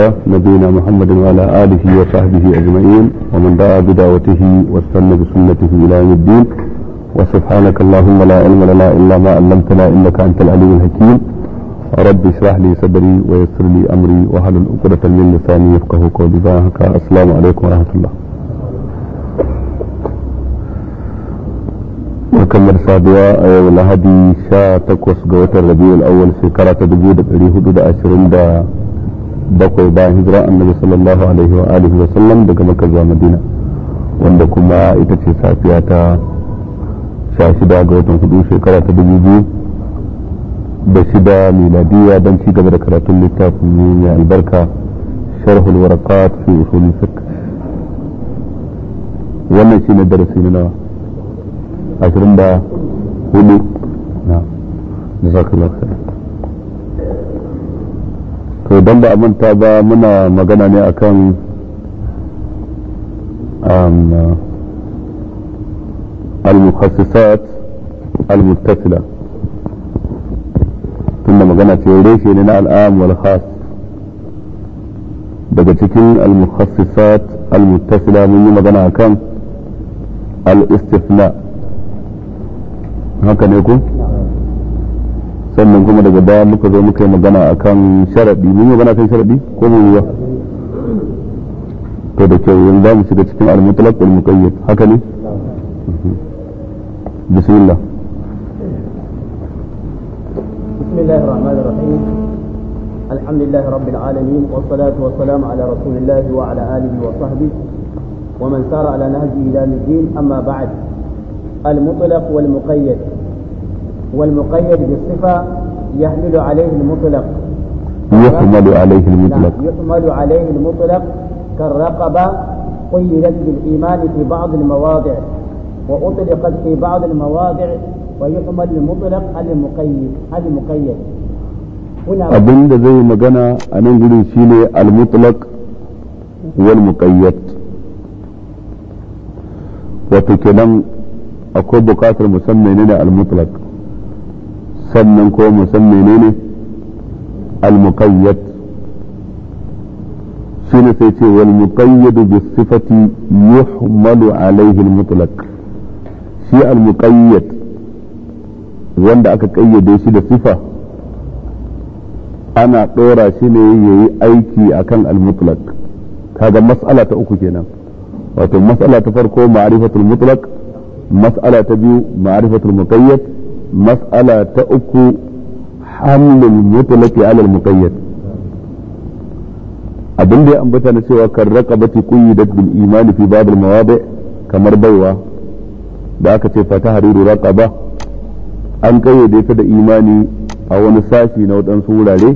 الله نبينا محمد وعلى آله وصحبه أجمعين ومن دعا بدعوته واستنى بسنته إلى يوم الدين وسبحانك اللهم لا علم لنا إلا ما علمتنا إنك أنت العليم الحكيم رب اشرح لي صدري ويسر لي أمري واحلل عقدة من لساني يفقه قولي ذاك السلام عليكم ورحمة الله kamar saduwa a yau lahadi sha takwas ga watan rabiul awwal shekara ta dubu da ɗari hudu da ashirin da bakwai bayan hijira annabi sallallahu alaihi wa alihi wa sallam daga makka zuwa madina wanda kuma ita ce safiya ta sha shida ga watan hudu shekara ta dubu biyu da shida miladiya don ci gaba da karatun littafin mai albarka sharhul warakat fi usul fiqh wannan shine darasi na nawa ashirin da hudu na jazakallahu khairan to don ba manta ba muna magana ne akan um, al-mukhassisat al-muttasila tunda magana ce reshe ne na al'am wal khas daga cikin al-mukhassisat al-muttasila mun yi magana akan al-istithna haka ne ku sannan kuma daga baya muka zo muka yi magana akan sharadi mun yi magana kan sharadi ko mun yi to da kyau yanzu za mu shiga cikin al-mutlaq wal muqayyad haka ne mhm. bismillah bismillahir rahmanir rahim alhamdulillahi rabbil alamin wassalatu wassalamu ala rasulillah wa ala alihi wa sahbihi ala سار على نهجه amma الدين أما بعد المطلق والمقيد والمقيد بالصفة يحمل عليه المطلق يحمل عليه نعم، المطلق يحمل عليه المطلق كالرقبة قيدت بالإيمان في بعض المواضع وأطلقت في بعض المواضع ويحمل المطلق على المقيد على المقيد أبن زي ما magana a nan gudun المطلق والمقيد وفي كلام أكو muqayyad مسمى المطلق sannan ko mu san menene al-muqayyad shine sai ce wal muqayyad bi sifati yuhmalu alaihi al-mutlaq shi al-muqayyad wanda aka kayyade shi da sifa ana ɗora shi ne yayi aiki akan al-mutlaq kaga mas'ala ta uku kenan wato mas'ala ta farko ma'rifatul mutlaq mas'ala ta biyu ma'rifatul muqayyad mas'ala ta uku hamlul mutlaqi ala al-muqayyad abin da ya ambata na cewa kan raqabati quyyidat bil iman fi bab al kamar baiwa da aka ce fata hariru raqaba an kayyade ta da imani a wani sashi na wadansu wurare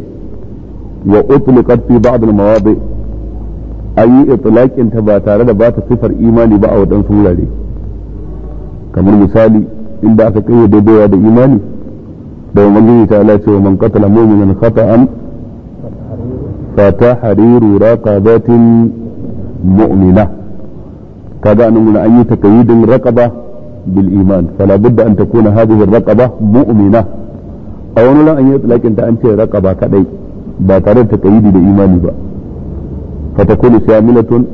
wa utliqat fi ba'd al-mawadi an yi itlaqin ta ba tare da ba ta sifar imani ba a wadansu wurare kamar misali inda aka kayyade baiwa da imani da ubangiji ta ala cewa man qatala mu'minan khata'an fa tahriru raqabatin mu'mina kaga nan mun an yi takayyidin raqaba bil iman fala budda an takuna hadhihi ar-raqaba mu'mina a wani ran an yi tsalakin ta an ce raqaba kadai ba tare da takayyidi da imani ba fa takunu shamilatun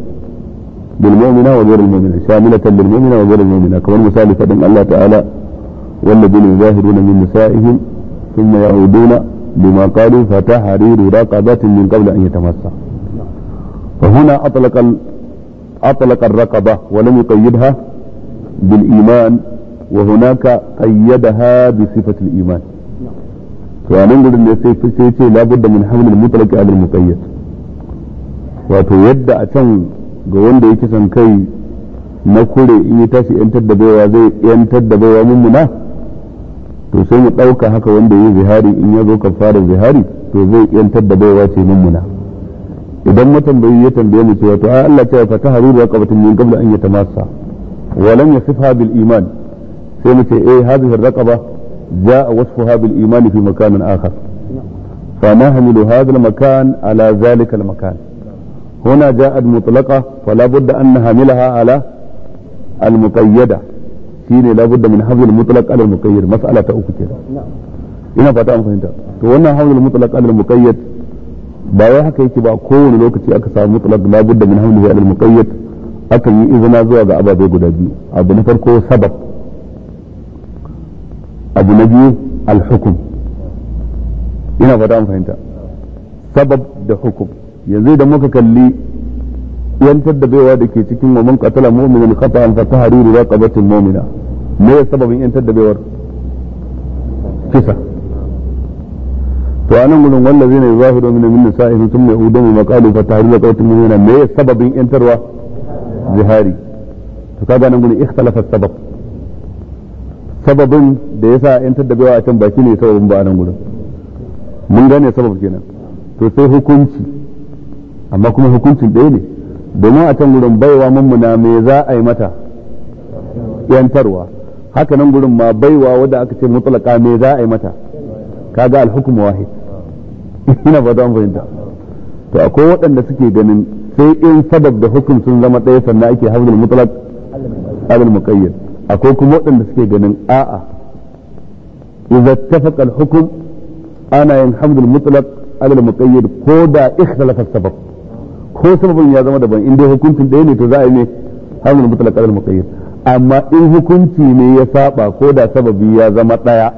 بالمؤمنة وغير المؤمنة شاملة للمؤمنة وغير المؤمنة كما المثال فإن الله تعالى والذين يظاهرون من نسائهم ثم يعودون لما قالوا فتحرير رقبة من قبل أن يتمسى فهنا أطلق أطلق الرقبة ولم يقيدها بالإيمان وهناك قيدها بصفة الإيمان فأنا أقول أن لا بد من حمل المطلق على المقيد وتودع أتن قوان ديكسن كي na kure in ya tashi yantar da baiwa zai yantar da baiwa mummuna to sai mu ɗauka haka wanda ya zihari in ya zo fara zihari to zai yantar da baiwa ce mummuna idan matambayi ya tambaye mu cewa to ai Allah cewa fata haruru wa qabatin min qabla an yatamassa wa lam yasifha bil iman sai mu ce eh hadhihi ar-raqaba jaa wasfuha bil iman fi makanin akhar fa nahmilu hadha al-makan ala dhalika al-makan هنا fa مطلقة فلا بد أن نحملها على المقيدة shine labudda min hazil mutlaq al muqayyad mas'ala ta uku kenan ina fata an fahimta to wannan hazil mutlaq al muqayyad ba wai haka yake ba kowane lokaci aka samu mutlaq labudda min hazil al muqayyad akan yi izina zuwa ga ababai guda biyu abu na farko sabab abu na biyu al hukum ina fata an fahimta sabab da hukum yanzu idan muka kalli yantar da baiwa da ke cikin wa man qatala mu'minan khata'an fa tahriru raqabatin mu'mina me ya sababin yantar da baiwar kisa to anan gudun wallazi ne zahiru min min mai thumma yahudamu maqalu fa tahriru qawtin yana me ya sababin yantarwa zihari to kaga nan gudun ikhtalafa sabab sababin da yasa yantar da baiwa a can baki ne sababin ba anan gudun mun gane sabab kenan to sai hukunci amma kuma hukuncin ɗaya ne domin a can gudun baiwa mummuna me za a yi mata yantarwa haka nan gurin ma baiwa wadda aka ce mutlaka me za a yi mata kaga al-hukm wahid ina ba an fahimta to akwai waɗanda suke ganin sai in sabab da hukum sun zama ɗaya sannan ake hawlul mutlaq alal muqayyad akwai kuma waɗanda suke ganin a'a idza tafaqa al-hukm ana yin hamdul mutlaq alal muqayyad ko da ikhtalafa sabab ko sababin ya zama daban in dai hukuncin ɗaya ne to za a yi ne hamdul mutlaq alal muqayyad amma in hukunci ne ya saba ko da sababi ya zama ɗaya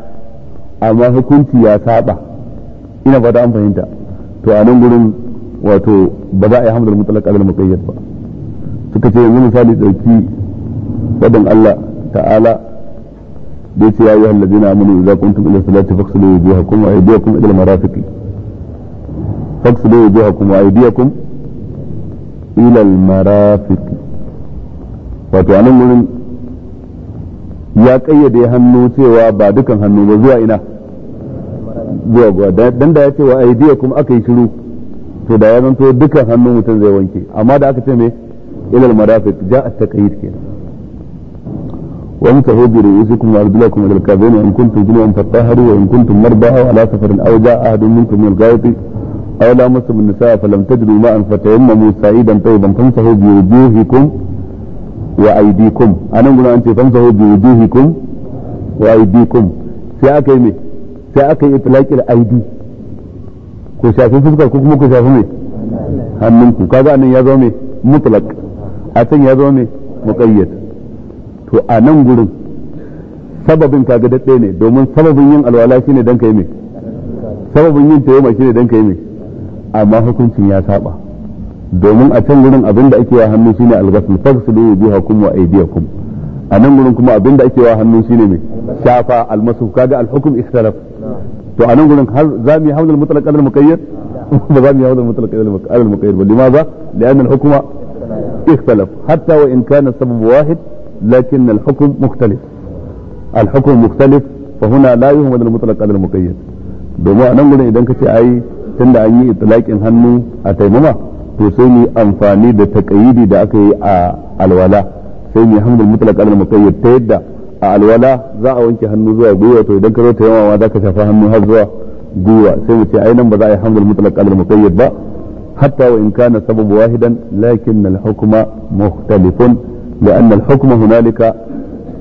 amma hukunci ya saba ina fata an fahimta to a nan gurin wato ba za a yi hamdar mutalaka alal muqayyad ba suka ce yanzu misali dauki fadin Allah ta'ala da ce ya ayyuhal ladina amanu idza kuntum ila salati faghsilu wujuhakum wa aydiyakum ila al ya faghsilu wujuhakum wa aydiyakum kuma al marafiki. wato anan wurin ya kayyade hannu cewa ba dukan hannu ba zuwa ina zuwa dan da ya ce wa aidiya kuma aka yi shiru to da ya zanto dukan hannu mutum zai wanke amma da aka ce me ilal marafiq ja at taqyid kenan وامسحوا برؤوسكم وارجلكم الى الكعبين ان كنتم جنوا فطهروا وان كنتم مرضى او على سفر او جاء احد منكم من الغائط او لامستم النساء فلم تجدوا ماء فتيمموا سعيدا طيبا فامسحوا بوجوهكم wa aidikum anan gurin an ce famsahu bi wujuhikum wa aidikum sai aka yi me sai aka yi itlaqil aidi ku shafi fuskar ku kuma ku shafi me hannunku kaga anan ya zo me mutlaq a can ya zo me muqayyad to a nan gurin sababin kaga dadde ne domin sababin yin alwala shine dan kai me sababin yin tayyama shine dan kai me amma hukuncin ya saba domin a can gurin abin da ake wa hannu shine alghasl faghsilu wujuhakum wa aydiyakum a nan gurin kuma abin da ake wa hannu shine mai shafa almasu kaga alhukum ikhtilaf to a nan gurin har za mu yi hawlal mutlaq al muqayyad ba za mu yi hawlal mutlaq al muqayyad ba limaza lian al hukma ikhtilaf hatta wa in kana sabab wahid lakin al hukm mukhtalif al hukm mukhtalif fa huna la yuhmad al mutlaq al muqayyad domin a nan gurin idan ka ce ai tunda an yi itlaqin hannu a taimama to sai mu amfani da taqayidi da aka yi a alwala sai mu hamdul mutlaq al muqayyad ta yadda a alwala za a wanke hannu zuwa gwiwa to idan ka zo ta yawa za ka shafa hannu har zuwa gwiwa sai mu ce ai nan ba za a yi hamdul mutlaq al muqayyad ba hatta wa in kana sabab wahidan lakin al hukma mukhtalifun لأن الحكم هنالك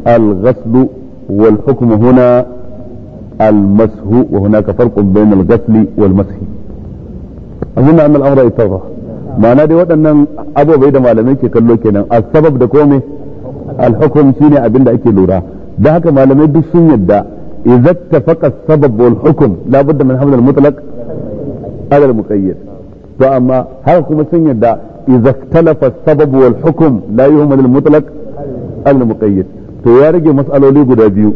الغسل والحكم هنا المسح وهناك فرق بين الغسل والمسح أظن أن الأمر يتضح ma'ana dai waɗannan ababai da malamai ke kallo kenan a sabab da kome alhukum shine abin da ake lura da haka malamai duk sun yadda idza tafaqa sabab wal hukum la budda min hamal al-mutlaq ala al-muqayyad to amma haka kuma sun yadda idza talafa sabab wal hukum la yuhmad al-mutlaq ala al-muqayyad to ya rage mas'aloli guda biyu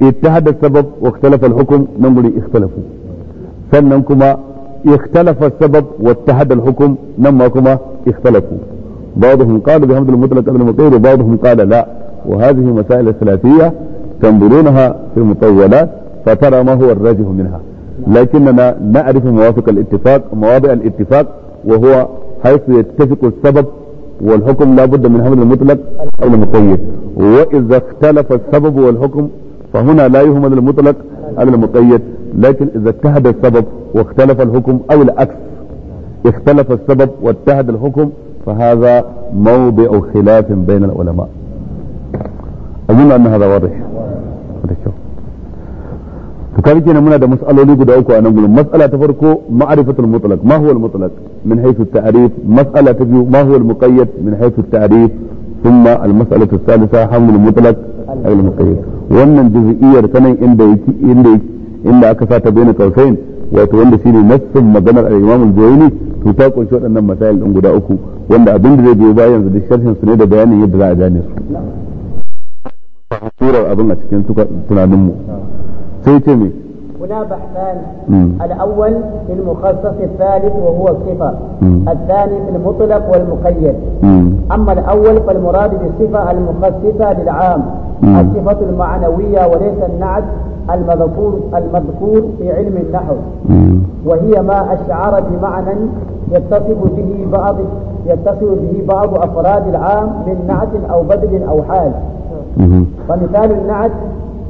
ittihada sabab wa ikhtalafa al-hukum nan guri ikhtalafu sannan kuma اختلف السبب واتحد الحكم لما كما اختلفوا بعضهم قال بحمد المطلق ابن المقيد وبعضهم قال لا وهذه مسائل ثلاثية تنظرونها في المطولات فترى ما هو الراجح منها لكننا نعرف موافق الاتفاق مواضع الاتفاق وهو حيث يتفق السبب والحكم لا بد من حمل المطلق أو المقيد وإذا اختلف السبب والحكم فهنا لا يهمل المطلق على المقيد لكن إذا اتحد السبب واختلف الحكم أو العكس اختلف السبب واتحد الحكم فهذا موضع خلاف بين العلماء أظن أن هذا واضح فكان كنا منا ده مسألة لي أوكو أنا أقول مسألة تفرقه معرفة المطلق ما هو المطلق من حيث التعريف مسألة تبيو ما هو المقيد من حيث التعريف ثم المسألة الثالثة حمل المطلق أي المقيد وأن الجزئية ta nan inda yake inda inda aka wato wanda shine nassin maganar al-Imam al-Juwayni to ta kunshi waɗannan masail din guda uku wanda abin da zai biyo bayan yanzu duk sharhin su ne da bayanin yadda za a gane su surar abin a cikin tunanin mu sai ce me هنا بحثان الأول في المخصص الثالث وهو الصفة الثاني في المطلق والمقيد أما الأول فالمراد بالصفة المخصصة للعام الصفة المعنوية وليس النعت المذكور المذكور في علم النحو وهي ما أشعر بمعنى يتصف به بعض يتصف به بعض أفراد العام من نعت أو بدل أو حال فمثال النعت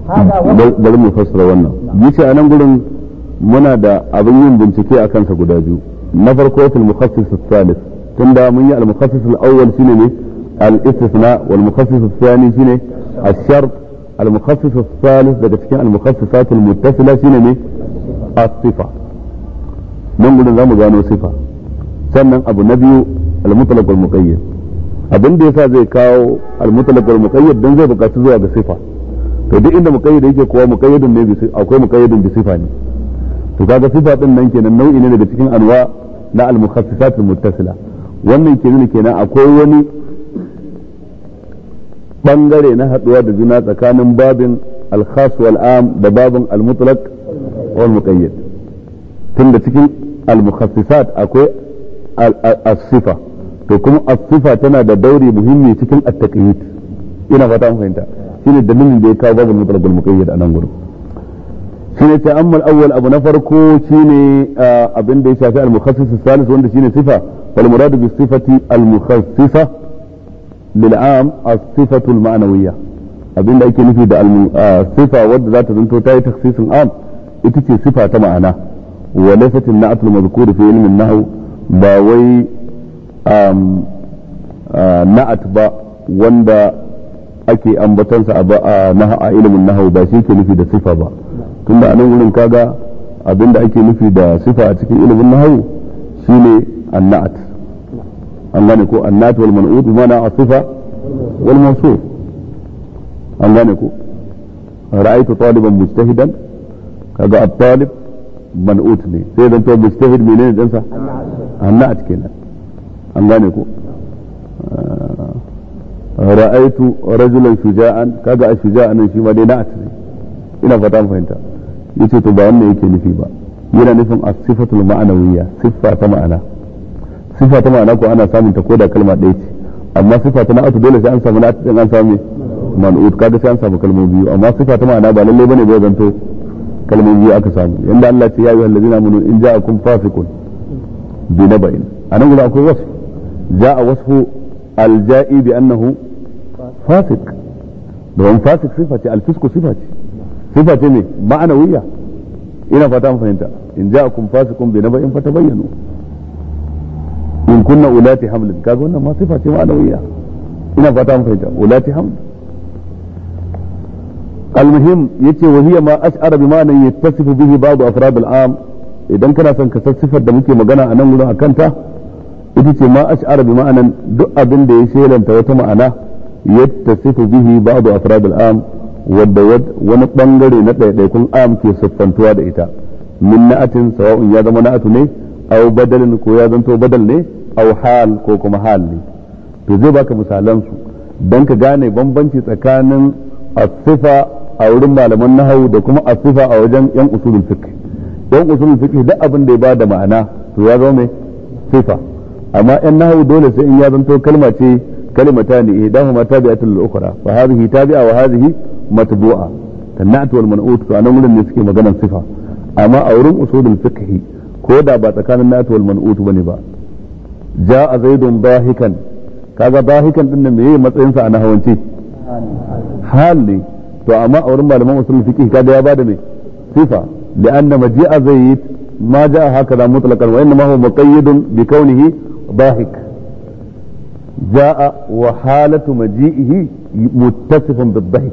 هذا بل من فسر ونا نعم. يتي أنا نقول منا دا أبنين بنتكي أكان سقداجو نفر كوث المخصص الثالث ثم دا مني المخصص الأول سنة الاستثناء والمخصص الثاني سنة الشرط al-mukhassis as daga cikin al-mukhassisat muttasila shine ne as-sifa nan gudun zamu gano sifa sannan abu na biyu al abin da yasa zai kawo al-mutlaq al-muqayyad dan zai bukaci zuwa ga sifa to duk inda muqayyad yake kowa muqayyadun ne akwai muqayyadun bi sifa ne to kaga sifa din nan kenan nau'i ne daga cikin anwa na al-mukhassisat al-muttasila wannan ke nuna kenan akwai wani bangare na haduwa da juna tsakanin babin al-khas wal am da babin al-mutlaq wal muqayyad tunda cikin al-mukhassisat akwai as-sifa to kuma as-sifa tana da dauri muhimmi cikin at-taqyid ina fata mun fahimta shine dalilin da ya kawo babin mutlaq wal muqayyad a nan gurin shine sai amma al-awwal abu na farko shine abin da ya shafi al-mukhassis salis wanda shine sifa wal muradu bis sifati al bil a as-sifatu al-ma'nawiyya abinda ake nufi da sifa wadda za ta zanto ta yi taksisin am ita ce sifa ta ma'ana wa laysat an-na'atul mazkur fi ilmin nahw ba wai na'at ba wanda ake ambatansa a ilimin nahau ba shi ke nufi da sifa ba tunda a nan wurin kaga abinda ake nufi da sifa a cikin ilimin nahau shine na'at. an gane ko annat wal man'ut mana asifa wal mawsuf an gane ko ra'aytu taliban mujtahidan kaga at-talib man'ut ne sai dan to mujtahid menene dan sa annat kenan an gane ko ah, ra'aytu rajulan shuja'an kaga a shuja'an shi ma dai na'at ne ina fata mu fahimta yace to ba wannan yake nufi ba yana nufin as-sifatul ma'anawiyya siffa ta ma'ana sifa ta ma'ana ko ana samun ta koda kalma ɗaya ce amma sifa ta na'atu dole sai an samu na'atu din an samu man'ut kaga sai an samu kalmomi biyu amma sifa ta ma'ana ba lalle bane ba zanto kalmomi biyu aka samu yanda Allah ce ya yi ayyuhal ladina amanu in ja'akum fasiqun bi naba'in anan guda akwai wasu ja'a wasfu al-ja'i bi annahu fasiq domin fasik sifa ce al-fisqu sifa ce sifa ce ne ma'anawiyya ina fata an fahimta in ja'akum fasiqun bi naba'in fatabayyanu in kunna ulati hamlin kaga wannan masifa sifa ce ma'anawiya ina fata mun fahimta ulati hamlin المهم يتي وهي ما أشعر بمعنى يتصف bihi بعض أفراد العام idan kana son ka san sifar da muke magana a nan wurin a kanta ita ce ma ash'ar bi ma'anan duk abin da ya shelanta wata ma'ana yattasifu bihi ba'du afrad al-am wadda wani bangare na ɗaiɗaikun am ke siffantuwa da ita min na'atin sawa'un ya zama na'atu ne aw badalin ko ya zanto badal ne au hal ko kuma halli to zai baka misalan su don ka gane bambanci tsakanin asifa a wurin malaman nahawu da kuma asifa a wajen yan usulul fiqh yan usulul fiqh duk abin ya bada ma'ana to ya zama sifa amma yan nahawu dole sai in ya zanto kalma kalimata kalma ta ne idan ma ta biya tilal ukhra fa hadhihi tabi'a wa hadhihi matbu'a tanatu wal man'ut to anan gurin ne suke maganar sifa amma a wurin usulul fiqh ko da ba tsakanin natu wal man'ut bane ba جاء زيد باهكا كذا باهكا ان ما ينفع انا هو انت حالي تو اما اورم ما مسلم فيكي كذا يا بادمي صفه لان مجيء زيد ما جاء هكذا مطلقا وانما هو مقيد بكونه باهك جاء وحالة مجيئه متصف بالضحك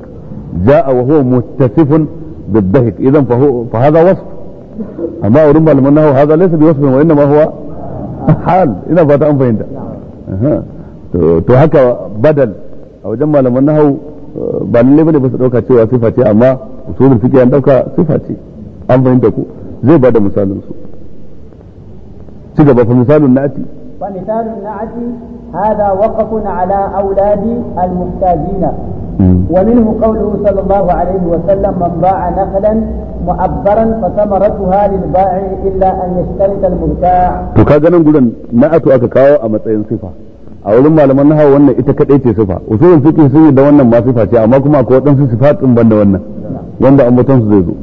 جاء وهو متصف بالضحك اذا فهو فهذا وصف اما اورم ما هذا ليس بوصف وانما هو hal ina fata an fahimta to haka badal a wajen malaman hau ba lalle bane ba su dauka cewa sifa ce amma usulul fiqh an dauka sifa ce an fahimta ko zai bada misalin su ci gaba fa misalun nati فمثال النعت هذا وقف على أولاد المحتاجين ومنه قوله صلى الله عليه وسلم من باع نخلا معبرا فثمرتها للبائع إلا أن يشترط المبتاع to ka ganin gudan na'atu aka kawo a matsayin sifa a wurin malaman nahawa wannan ita kadai ce sifa usulun fiqh sun yi da wannan amma kuma akwai wadansu sifatin banda wannan wanda ambaton su zai zo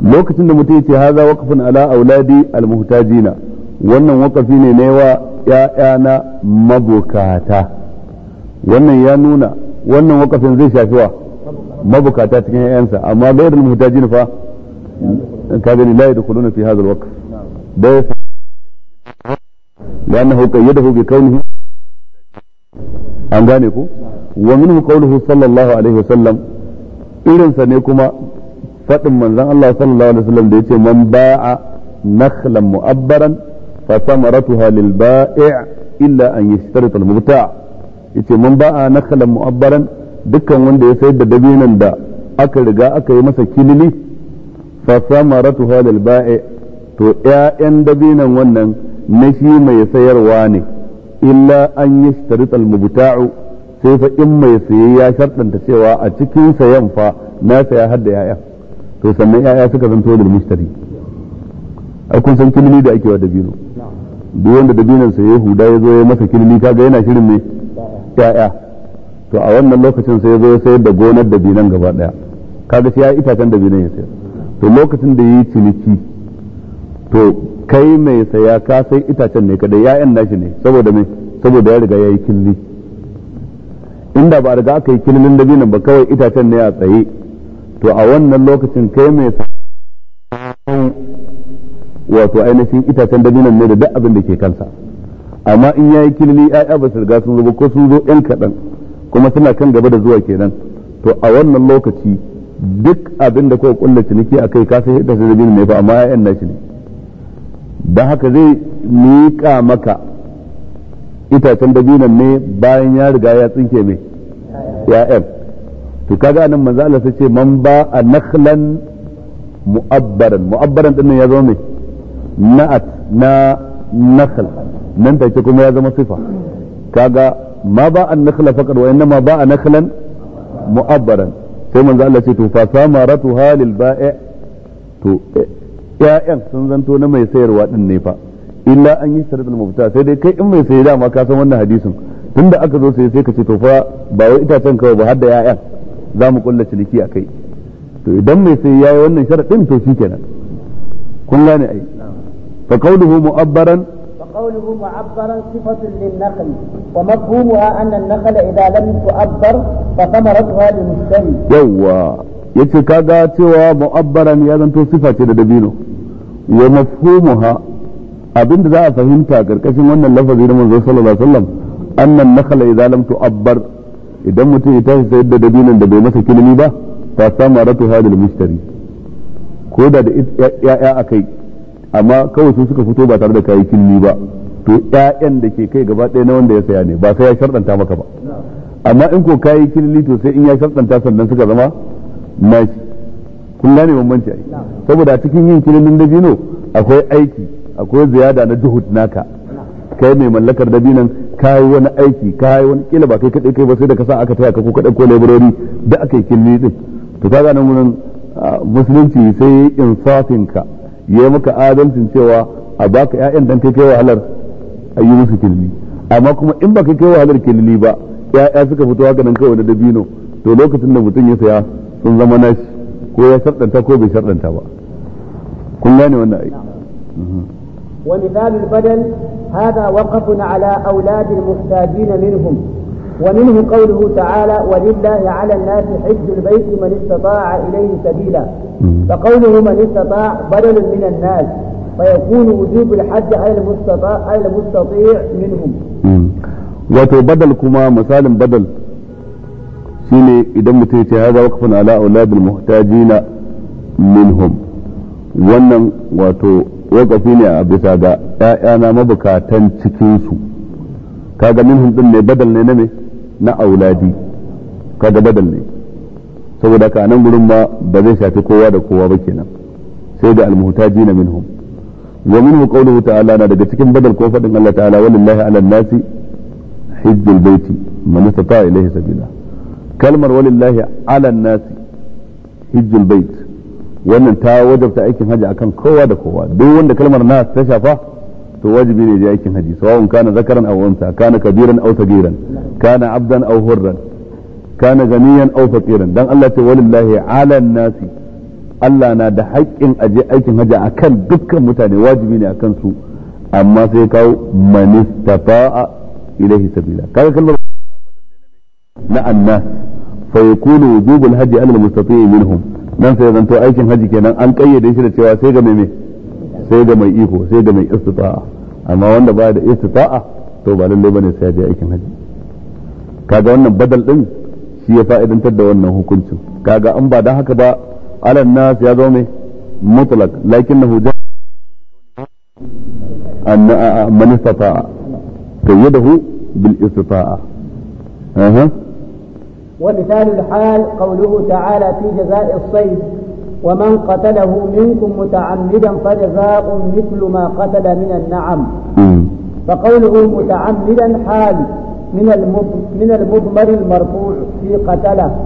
lokacin da mutum yace haza waqfun ala wannan wakafi ne na yawa ‘ya'yana mabukata wannan ya nuna wannan wakafin zai shafi wa mabukata cikin ‘ya'yansa amma da gairar muhtajin fa ka gani da yadkhuluna fi hadha al-waqf da ya لأنه قيده بكونه an gane ku wa minhu qawluhu sallallahu alaihi wasallam irin sa ne kuma fadin manzon Allah sallallahu alaihi wasallam da yace man ba'a nakhlan mu'abbaran فثمرتها للبائع إلا أن يشترط المبتاع yace man ba'a na nakalan mu'abbaran dukkan wanda ya sayar da dabinan da aka riga aka yi masa kilili fa samaratu halal ba'i to ƴaƴan dabinan wannan na shi mai sayarwa ne illa an yashtarit al mubta'u sai fa in mai saye ya shartanta cewa a cikin sayan fa na saya har da ƴaƴa to sannan ƴaƴa suka zanto da mushtari a kunsan san kilili da ake wa dabino duk wanda dabinan sa ya huda ya zo ya masa kirmi kaga yana shirin me ya'ya to a wannan lokacin sai ya zo ya sayar da gonar dabinan gaba daya kaga sai ya itacen dabinan ya sayar to lokacin da yayi ciniki to kai mai saya ka sai itacen ne kada ya'yan nashi ne saboda me saboda ya riga yayi killi inda ba a riga aka yi killin dabinan ba kawai itacen ne a tsaye to a wannan lokacin kai mai saya wato ainihin itacen dabinan ne da duk abin da ke kansa amma in yayi kilili ya'ya ba su riga sun zo ko sun zo yan kaɗan kuma suna kan gaba da zuwa kenan to a wannan lokaci duk abin da kuka kulla ciniki akai ka sai da dabinan ne ba amma ya'yan nashi ne da haka zai miƙa maka itacen dabinan ne bayan ya riga ya tsinke mai ya'yan to kaga nan manzo Allah sai ce man ba a nakhlan mu'abbaran mu'abbaran din ya zo mai na'at na nakhl nan take kuma ya zama sifa kaga ma ba an nakhla faqad wa inma ba an nakhlan mu'abbaran sai manzo Allah ce to fa samaratuha lil ba'i to ya'yan sun zanto na mai sayarwa din ne fa illa an yi sharadul mubta sai dai kai in mai sayi ma ka san wannan hadisin tunda aka zo sai sai ka ce to fa ba wai itacen kawai ba har da ya'yan za mu kulla ciniki a kai to idan mai sai yayi wannan sharadin to shikenan kun gane ai فقوله مؤبرا فقوله معبرا صفة للنخل ومفهومها أن النخل إذا لم تؤبر فثمرتها للمشتري يوا yace ga cewa mu'abbaran ya zanto sifa ce da dabino wa mafhumuha abinda za a fahimta karkashin wannan lafazi na manzo sallallahu alaihi wasallam annan nakhala idza lam tu'abbar idan mutum ya tashi sayar da dabinon da bai masa kilimi ba fa samaratu hadal mushtari ko da da ya'ya akai amma kawai su suka fito ba tare da kayi kinni ba to ƴaƴan da ke kai gaba ɗaya na wanda ya saya ne ba sai ya sharɗanta maka ba amma in ko kayi kinni to sai in ya sharɗanta sannan suka zama nashi kun gane bambanci ai saboda a cikin yin da dabino akwai aiki akwai ziyada na juhud naka kai mai mallakar da binan kai wani aiki kai wani kila ba kai kadai kai ba sai da ka sa aka taya ka ko ka dauko laborori da aka yi kinni din to kaga nan ah, musulunci sai insafin ka ya maka adalcin cewa a baka ƴaƴan dan kai kai wahalar a yi musu kilili amma kuma in ba kai wahalar kilili ba ƴaƴa suka fito haka nan kawai da dabino to lokacin da mutum ya saya sun zama nashi ko ya sardanta ko bai sardanta ba kun gane wannan ai ومثال البدل هذا وقف على أولاد المحتاجين منهم ومنه قوله تعالى ولله على الناس حج البيت من استطاع اليه سبيلا فقوله من استطاع بدل من الناس فيكون وجوب الحج على المستطاع على المستطيع منهم وتو بدل كما مسالم بدل شيني اذا متيت هذا وقف على اولاد المحتاجين منهم wannan wato wakafi ne a bisa ga 'ya'yana mabukatan منهم بدل ga na auladi kaga badal ne saboda ka nan gurin ba ba zai shafi kowa da kowa ba kenan sai da almuhtajina minhum wa minhu qawluhu ta'ala na daga cikin badal ko fadin Allah ta'ala walillahi 'ala nasi hajjul baiti man istata ilayhi sabila kalmar walillahi 'ala nasi hajjul bait wannan ta wajabta aikin haji akan kowa da kowa duk wanda kalmar nas ta shafa to wajibi ne je aikin haji sawa'un kana zakaran aw unsa kana kabiran aw sagiran kana abdan aw hurran kana ganiyan aw faqiran dan Allah ta walillahi ala nasi Allah na da haƙƙin aje aikin haji akan dukkan mutane wajibi ne akan su amma sai kawo manistafa'a ilaihi sabila kaga kalmar na annas fa yakunu wujubul haji alal mustati'i minhum nan sai zanto aikin haji kenan an kayyade shi da cewa sai ga mai sai ga mai iko sai ga mai istita'a amma wanda baya da istita'a to ba lallai bane sai ya je aikin haji kaga wannan badal din shi ya fa'idantar da wannan hukuncin kaga an ba dan haka ba alan nas ya zo mai mutlaq lakinnahu an man istata'a kayyadahu bil istita'a aha ومثال الحال قوله تعالى في جزاء الصيد ومن قتله منكم متعمدا فجزاء مثل ما قتل من النعم فقوله متعمدا حال من من المضمر المرفوع في قتله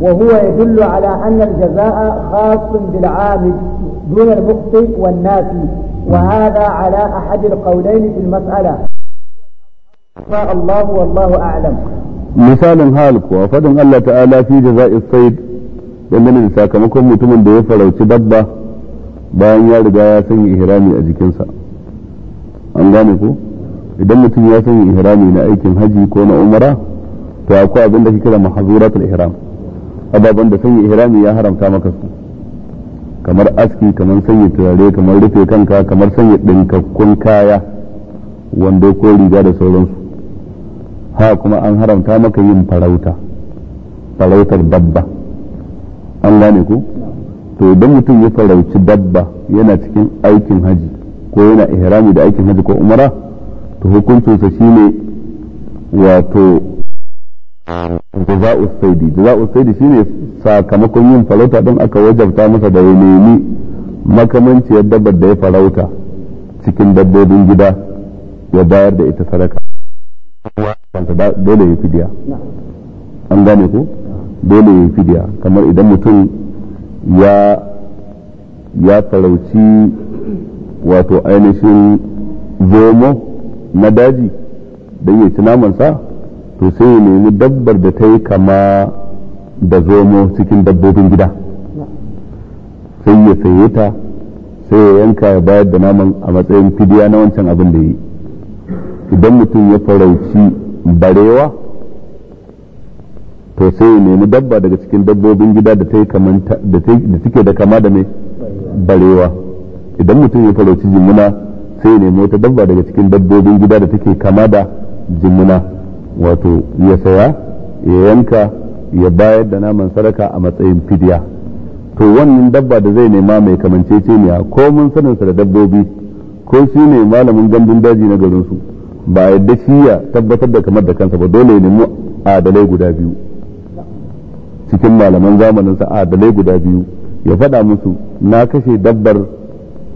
وهو يدل على أن الجزاء خاص بالعامد دون المخطئ والناسي وهذا على أحد القولين في المسألة ما الله والله أعلم مثال هالك وفد الله تعالى في جزاء الصيد dangane ne sakamakon mutumin da ya farauci dabba bayan ya riga ya sanya ihrami a jikinsa an gane ko idan mutum ya sanya ihrami na aikin haji ko na umara to akwai abin da ke kira mahzuratul ihram ababen da sanya ihrami ya haramta maka su kamar aski kamar sanya turare kamar rufe kanka kamar sanya dinkakkun kaya wanda ko riga da sauransu ha kuma an haramta maka yin farauta farautar dabba an gane ko to idan mutum ya farauci dabba yana cikin aikin haji ko yana ihrami da aikin haji ko umara to hukuncinsa shine wato jaza'u saidi jaza'u saidi shine sakamakon yin farauta din aka wajabta masa da ya nemi makamanciyar dabbar da ya farauta cikin dabbobin gida ya bayar da ita sadaka dole ya fidiya an gane ko dole ya fidiya kamar idan mutum ya ya farauci wato ainihin zomo na daji don ya ci namansa to sai ya nemi dabbar da ta yi kama da zomo cikin dabbobin gida sai ya saye ta sai ya yanka ya bayar da naman a matsayin fidiya na wancan abin da yi idan mutum ya farauci barewa to sai ya nemi dabba daga cikin dabbobin gida da ta da kama da mai barewa idan mutum ya farauci jimuna sai ya nemi wata dabba daga cikin dabbobin gida da take kama da jimuna wato ya saya ya yanka ya bayar da naman sadaka a matsayin fidiya to wannan dabba da zai nema mai kamanceceniya ko mun saninsa da dabbobi ko shi ne malamin gandun daji na garinsu ba a yadda shi ya tabbatar da kamar da kansa ba dole ne mu adalai guda biyu cikin malaman zamanin sa adalai guda biyu ya faɗa musu na kashe dabbar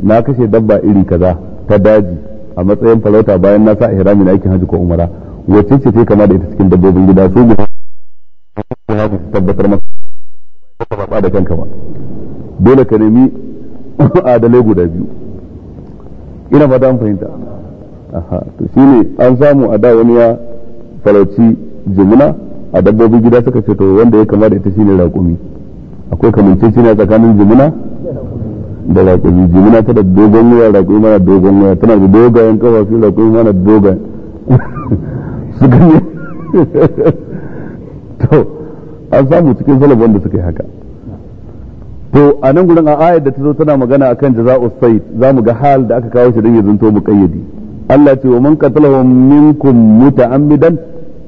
na kashe dabba iri kaza ta daji a matsayin farauta bayan na sa ihrami na aikin hajji ko umara wacce ce ce kama da ita cikin dabbobin gida su guda tabbatar maka ba da kanka ba dole ka nemi adalai guda biyu ina fata an fahimta aha to shine an samu a da wani ya farauci jimina a dabbobin gida suka ce to wanda ya kama da ita shine raƙumi akwai a tsakanin jimina da raƙumi jimina tana dogon wuya raƙumi mana dogon wuya tana da dogayen su raƙumi mana dogayen su ne to an samu cikin salafin da suka yi haka to a nan gurin a ayar da ta zo tana magana akan jaza'us za zamu ga hal da aka kawo shi don ya zanto muqayyadi Allah ce wa man qatalahum minkum muta'ammidan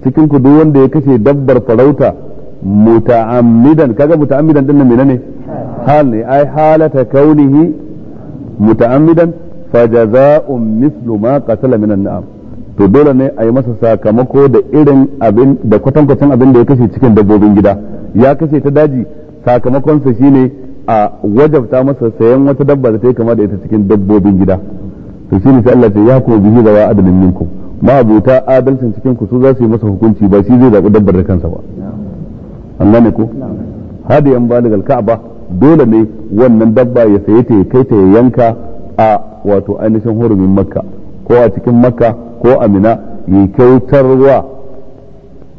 cikin ku duk wanda ya kashe dabbar farauta muta'ammidan kaga muta'ammidan din nan ne hal ne ai halata kaunihi muta'ammidan fajaza'un mislu ma qatala minan na'am to dole ne a yi masa sakamako da irin abin da kwatankwacin abin da ya kashe cikin dabbobin gida ya kashe ta daji sakamakonsa shine a wajabta masa sayan wata dabba da ta yi kama da ita cikin dabbobin gida to shine sai Allah ya ce ya bihi adalin minkum ma'abuta adalcin cikin kusu za su yi masa hukunci ba shi zai zaɓi dabbar da kansa ba Allah ne ko hada yan baligal alka'aba dole ne wannan dabba ya saye ta ya kai ta ya yanka a wato ainihin hurumin makka ko a cikin makka ko a amina ya kyautarwa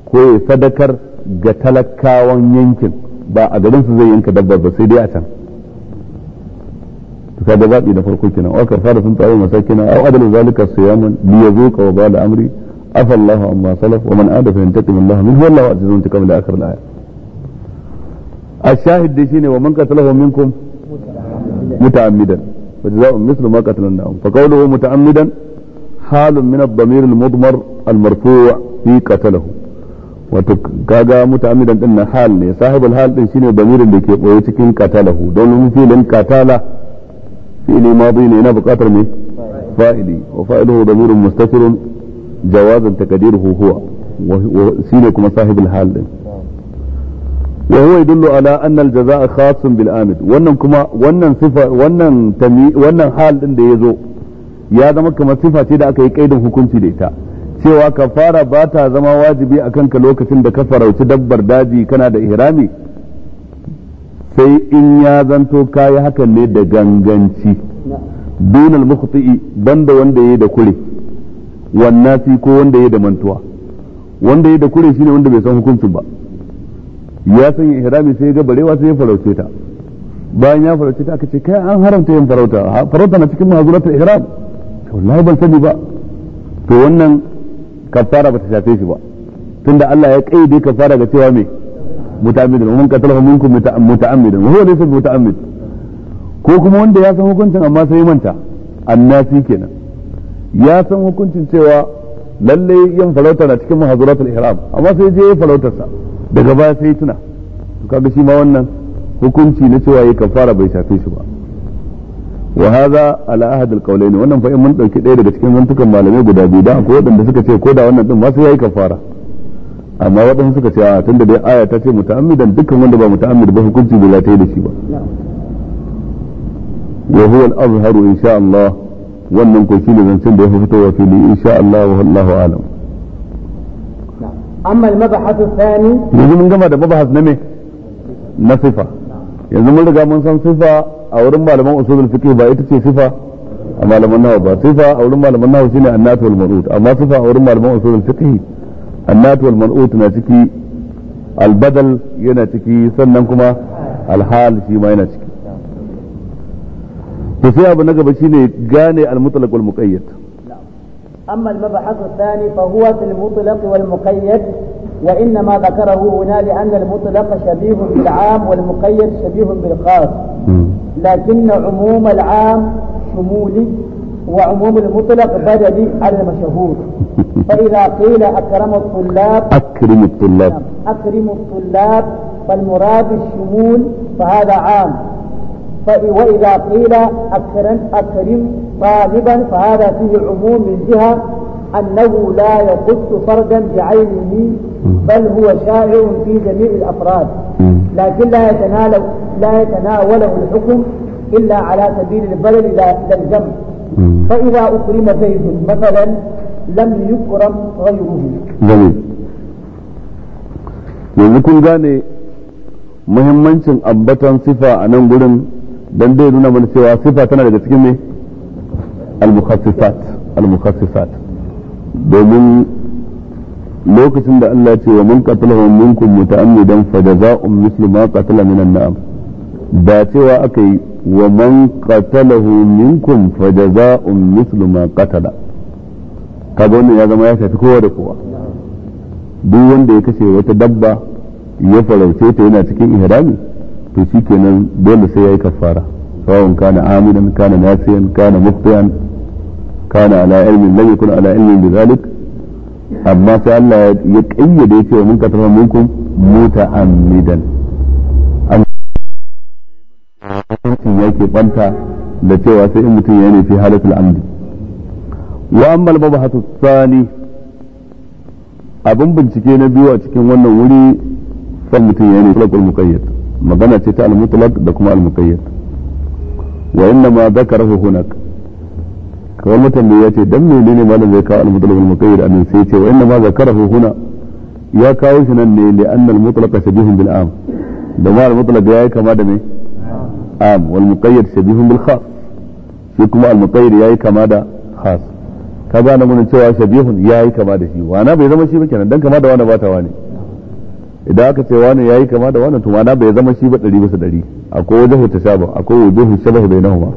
ko ya sadakar ga talakawan yankin ba a garin su zai yanka dabba ba sai dai a can to kaga zabi na farko kenan wa kafara sun tawo masakina aw adalu zalika siyaman li yazuqa wa bala amri afa Allahu amma salaf wa man ada fa yantaqim Allah min الشاهد دي ومن قتله منكم متعمدا فجزاء مثل ما قتلناهم فقوله متعمدا حال من الضمير المضمر المرفوع في قتله wato kaga mutamidan din na hal ne sahibul hal din shine damirin da ke boye cikin qatalahu don filin katala. fi'ili madi ne yana bukatar me fa'ili wa fa'iluhu damirun mustafirun jawazan takadiruhu huwa shine kuma sahibul hal din وهو يدل على أن الجزاء خاص بالآمد wannan kuma wannan sifa wannan tami wannan hal din da zo. ya zama kamar sifa ce da aka yi kaidin hukunci da ita cewa kafara ba ta zama wajibi akan ka lokacin da ka farauci dabbar daji kana da ihrami sai in ya zanto kayi hakan ne da ganganci al mukhti'i banda wanda yayi da kure wannasi ko wanda yayi da mantuwa wanda yayi da kure shine wanda bai san hukuncin ba ya san ihrami sai ga barewa sai ya farauce ta bayan ya farauce ta aka ce kai an haramta yin farauta farauta na cikin mahzuratul ihram to wallahi ban sani ba to wannan kafara ta shafe shi ba tunda Allah ya kaide kafara ga cewa me muta'ammidan wa man minkum huwa ko kuma wanda ya san hukuncin amma sai manta annasi kenan ya san hukuncin cewa lalle yan farauta na cikin mahazuratul ihram amma sai je ya farautarsa daga baya sai tuna to kaga shi ma wannan hukunci na cewa ya kafara bai shafe shi ba wa hadha ala ahad alqawlayn wannan fa in mun dauki daya daga cikin zantukan malamai guda biyu da akwai waɗanda suka ce ko da wannan din ma sai yayi kafara amma waɗansu suka ce a tunda dai aya ta ce muta'ammidan dukkan wanda ba muta'ammid ba hukunci da za ta yi da shi ba wa huwa al-azhar insha Allah wannan ko shine zancen da ya fitowa fili insha Allah wallahu alam amma al-mabahas thani yanzu mun gama da mabahas na me na sifa yanzu mun riga mun san sifa a wurin malaman usulul fiqh ba ita ce sifa a malaman nawa ba sifa a wurin malaman nawa shine annatu wal marud amma sifa a wurin malaman usulul fiqh annat wal man'ut na ciki albadal yana ciki sannan kuma alhal shi ma yana ciki to sai abu na gaba shine gane al-mutlaq wal muqayyad amma al-mabhas ath-thani fa huwa fil mutlaq wal muqayyad wa inna ma dhakarahu huna li anna wal وعموم المطلق بدا على المشهور فإذا قيل أكرم الطلاب أكرم الطلاب أكرم الطلاب فالمراد الشمول فهذا عام وإذا قيل أكرم أكرم طالبا فهذا فيه عموم من جهة أنه لا يخص فردا بعينه بل هو شائع في جميع الأفراد لكن لا يتناول لا يتناوله الحكم إلا على سبيل البلد لا الجمع فإذا أكرم زيد مثلا لم يكرم غيره جميل yanzu kun gane muhimmancin ambatan sifa a nan gurin don dai nuna mana cewa sifa tana daga cikin ne al domin lokacin da Allah ce wa mun qatala minkum muta'ammidan fa jazaa'un mislu ma qatala minan na'am ba cewa aka yi wa man qatalahu minkum fa jazaa'un mislu ma qatala kaga wannan ya zama ya shafi kowa da kowa duk wanda ya kashe wata dabba ya farauce ta yana cikin ihrami to shikenan dole sai yayi kafara sawun kana amidan kana nasiyan kana muftiyan kana ala ilmin lam yakun ala ilmin bidhalik amma sai Allah ya kayyade cewa mun qatalahu minkum muta'ammidan hakan yake ke banta da cewa sai in mutum ya ne fi halatul amdi wa ammal mabahatu tsani abin bincike na biyu a cikin wannan wuri san mutum ya ne mutlaqul muqayyad magana ce ta al-mutlaq da kuma al-muqayyad wa inna ma dhakarahu hunak kawai mutum ya ce dan menene malam zai kawo al-mutlaq al-muqayyad annan sai ya ce wa inna ma dhakarahu huna ya kawo shi nan ne li annal mutlaqa shabihun bil am da ma al-mutlaq yayi kama da me al'am wal muqayyad shabihun bil khas shi kuma al muqayyad yayi kama da khas ka gane mun cewa shabihun yayi kama da shi wana bai zama shi ba kenan dan kama da wani ba wani idan aka ce wani yayi kama da wani to wana bai zama shi ba 100 bisa 100 akwai wajahu tashabuh akwai wujuhu shabahu bainahuma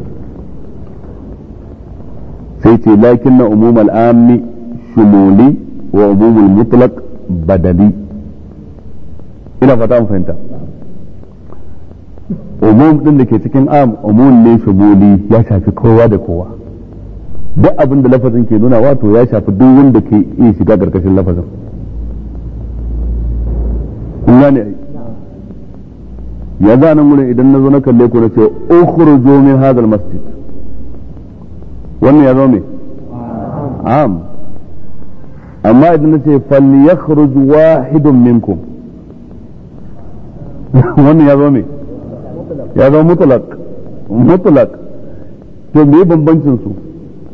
sai ce lakin na umumul ammi shumuli wa umumul ina fata mun fahimta umum din da ke cikin am umum ne shumuli ya shafi kowa da kowa duk abin da lafazin ke nuna wato ya shafi duk wanda ke iya shiga karkashin lafazin kun gane ai ya za nan wurin idan na zo na kalle ku na ce ukhruju min hadal masjid wannan ya zo me am amma idan na ce yakhruj wahidun minkum wannan ya zo me ya zama mutlaq mutlaq to me bambancin su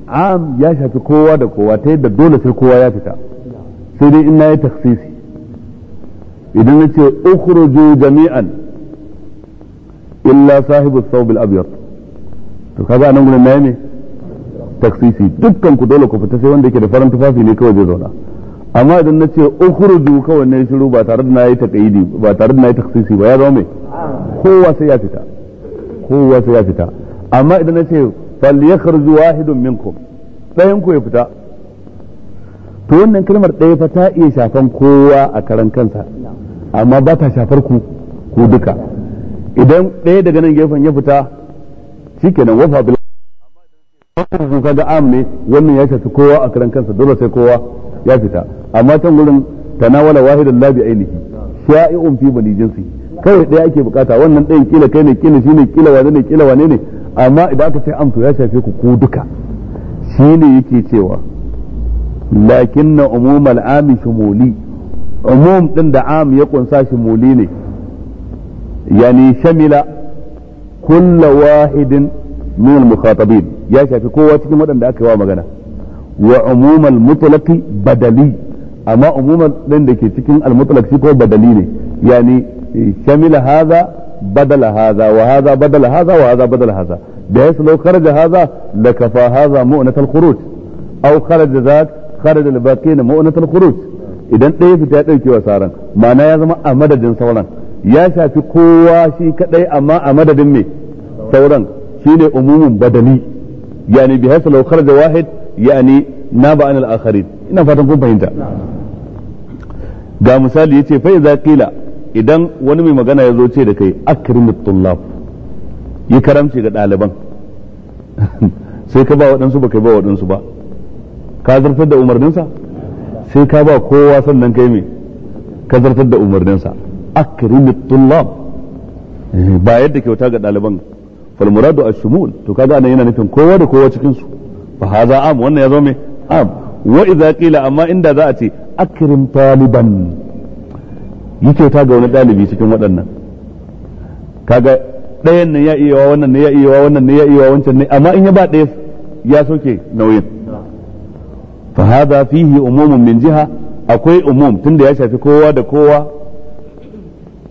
am ya shafi kowa da kowa ta yadda dole sai kowa ya fita sai dai in na yi taksisi idan na ce ukhruju jami'an illa sahibu thawb al-abyad to kaga anan gurin nayi ne taksisi dukkan ku dole ku fita sai wanda yake da farin tufafi ne kawai zai zauna amma idan na ce ukhruju kawai na shiru ba tare da na yi taƙaidi ba tare da na yi taƙasisi ba ya zama mai kowa sai ya fita kowa sai ya fita amma idan na ce falyakhruju wahidun minkum ɗayan ku ya fita to wannan kalmar ɗaya fa ta iya shafan kowa a karan kansa amma ba ta shafar ku ku duka idan ɗaya daga nan gefen ya fita shikenan wafa bil amma idan ka ga am ne wannan ya shafi kowa a karan kansa dole sai kowa ya fita amma can gurin tanawala wahidan la bi ainihi sha'i'un fi bani jinsi kawai ɗaya ake bukata wannan ɗayan kila kai ne kila shine kila wane ne kila wane ne amma idan aka ce amsu ya shafe ku ko duka shine yake cewa lakinna umumal ami shumuli umum din da am ya kunsa shumuli ne yani shamila kulla wahidin min al-mukhatabin ya shafi kowa cikin waɗanda aka yi wa magana wa umum al badali amma umum din ke cikin al-mutlaq shi ko badali ne yani shamila hadha badala بحيث لو خرج هذا لكفى هذا مؤنة الخروج أو خرج ذاك خرج الباقين مؤنة الخروج idan ɗaya fita ya ɗauke wa sauran ma'ana ya zama a madadin sauran ya shafi kowa shi kaɗai amma a madadin me sauran shine umumin badali yani bi hasa law kharaja wahid yani na ba anil akharin ina fatan kun fahimta ga misali yace fa iza qila idan wani mai magana ya zo ce da kai akrimut tullab yi karamci ga ɗaliban sai ka ba waɗansu ba kai ba waɗansu ba ka zartar da umarninsa sai ka ba kowa sannan kai me ka zartar da umarninsa akrimut tullab ba yadda kyauta ga ɗaliban fal muradu ash-shumul to kaga anan yana nufin kowa da kowa cikin su fa hadha am wannan ya zo me am wa idza qila amma inda za a ce akrim taliban yi kyauta ga wani dalibi cikin waɗannan kaga ɗayan nan ya iya wa wannan ne ya iya wa wannan ne ya iya wa wancan ne amma in ya ba ɗaya ya soke nauyin fa hadha fihi umumun min jiha akwai umum tunda ya shafi kowa da kowa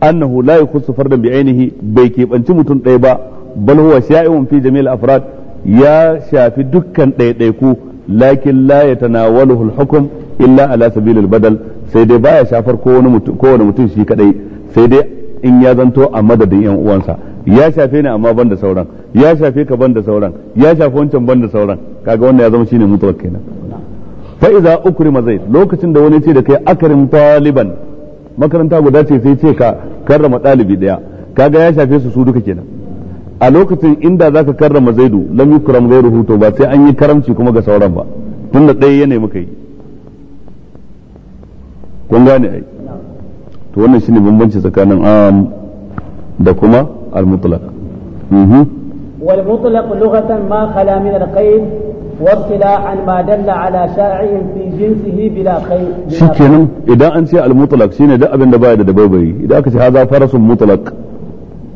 annahu la yakhussu fardan bi ainihi bai banci mutum ɗaya ba bal huwa sha'i'un fi jami'il afrad ya shafi dukkan ɗaiɗaiku lakin la ya tanawaluhu al illa ala sabilil badal sai dai baya shafar kowane mutum mutum shi kadai sai dai in ya zanto a madadin yan uwansa ya shafe ni amma banda sauran ya shafe ka banda sauran ya shafe wancan banda sauran kaga wannan ya zama shine mutuwar kenan fa iza ukrima zaid lokacin da wani ce da kai akrim taliban makaranta guda ce sai ce ka karrama dalibi daya kaga ya shafe su su duka kenan a lokacin inda za ka karrama zaidu lam yukram ghairuhu to ba sai an yi karamci kuma ga sauran ba tun da ɗaya ya nemi kai kun gane ai to wannan shine bambanci tsakanin am da kuma al mutlaq mhm wal mutlaq lughatan ma khala min al qayd wa ibtila'an ma dalla ala sha'in fi jinsihi bila qayd shikenan idan an ce al mutlaq shine duk abin da baya da dabbai idan aka ce haza farasun mutlaq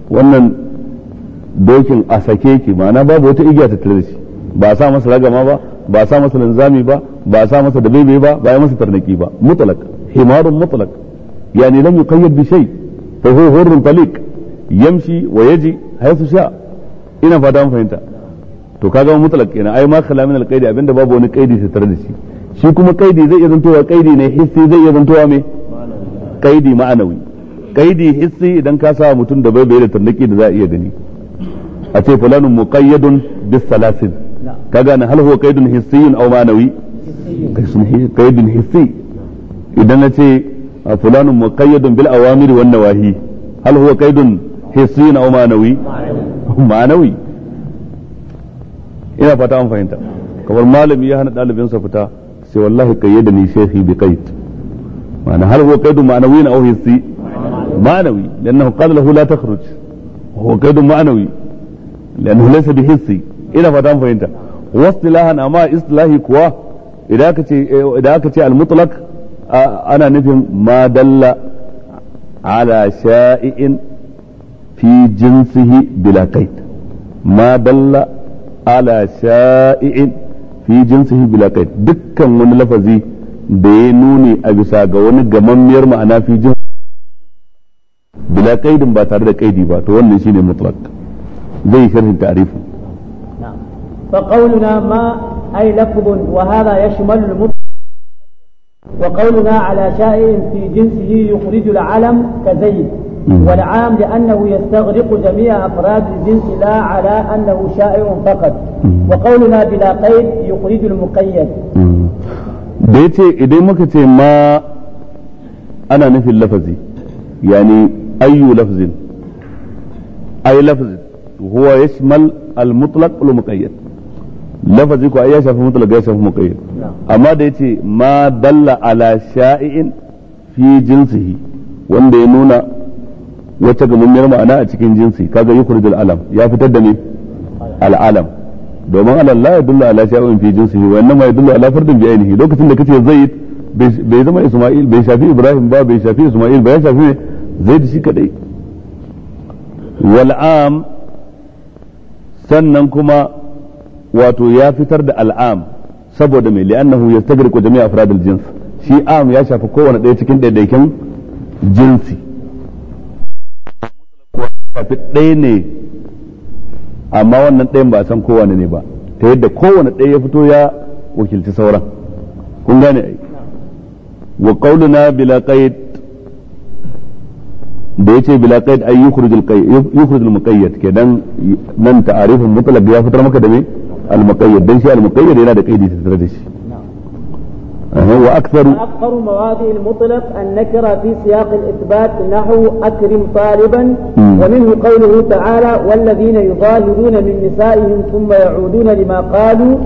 wannan dokin a sake ki ma'ana babu wata igiya ta tare da shi ba a sa masa ragama ba ba a sa masa linzami ba ba a sa masa dabebe ba ba a masa tarnaki ba mutalak himarun mutlaq yani lam yuqayyad bi shay fa huwa hurrun taliq yamshi wa yaji haythu sha ina fata an fahimta to kaga mutlaq kenan ai ma khala min alqaidi abinda babu wani qaidi ta tare da shi shi kuma qaidi zai iya zantowa qaidi ne hissi zai iya zantowa me qaidi ma'anawi qaidi hissi idan ka sa mutum da bai da tarnaki da za a iya gani a ce fulanun muqayyadun bis salasin ka gane hal huwa qaidun hissiyun aw ma'nawi qaidun hissi idan na ce fulanun muqayyadun bil awamir wan nawahi hal huwa qaidun hissiyun aw ma'nawi ma'nawi ina fata an fahimta kamar malami ya hana ɗalibinsa fita sai wallahi kayyada ni bi qaid ma'ana hal huwa qaidun ma'nawi aw hissi ma'nawi lannahu qala lahu la takhruj huwa qaidun ma'nawi لأنه ليس بحسي إلى فتان فهمت واصطلاحا أما اصطلاحي كوا إذا كتي إذا كتي المطلق أنا نفهم ما دل على شائع في جنسه بلا قيد ما دل على fi jinsihi bila kai dukkan wani lafazi da ya nuni a bisa ga wani gamammiyar ma'ana fi jinsihi bila kaidin ba tare da kaidi ba to wannan shine mutlaq زي شرح التعريف نعم فقولنا ما أي لفظ وهذا يشمل المطلق وقولنا على شيء في جنسه يخرج العلم كزيد والعام لأنه يستغرق جميع أفراد الجنس لا على أنه شائع فقط وقولنا بلا قيد يخرج المقيد بيتي إذا مكتي ما أنا نفي اللفظي يعني أي لفظ أي لفظ هو يشمل المطلق والمقيد lafazi ko ai ya shafi mutlaq ya shafi muqayyad amma da yace ma dalla ala sha'i'in fi jinsihi wanda ya nuna wata gamammiyar ma'ana a cikin jinsi kaga yukhrijul alam ya fitar da me al'alam domin alal la yadullu ala sha'in fi jinsihi wa innama yadullu ala fardin bi ainihi lokacin da kace zaid bai zama isma'il bai shafi ibrahim ba bai shafi isma'il bai shafi zaid shi kadai wal am sannan kuma wato ya fitar da al'am saboda mai li'annahu yastagriqu jami'a afradil jins shi am ya shafi kowane ɗaya cikin ɗaiɗaikin jinsi shafi ɗaya ne amma wannan ɗayan ba a san kowane ne ba ta yadda kowane ɗaya ya fito ya wakilci sauran kun gane ai wa qauluna bila qaid da yace bila qaid ay yukhrij al qayd yukhrij al muqayyad kenan nan ta'arifin mutlaq ya fitar maka da me al muqayyad dan shi al muqayyad yana da qaidi tattare da shi وأكثر أكثر مواضع المطلق النكرة في سياق الإثبات نحو أكرم طالبا ومنه قوله تعالى والذين يظاهرون من نسائهم ثم يعودون لما قالوا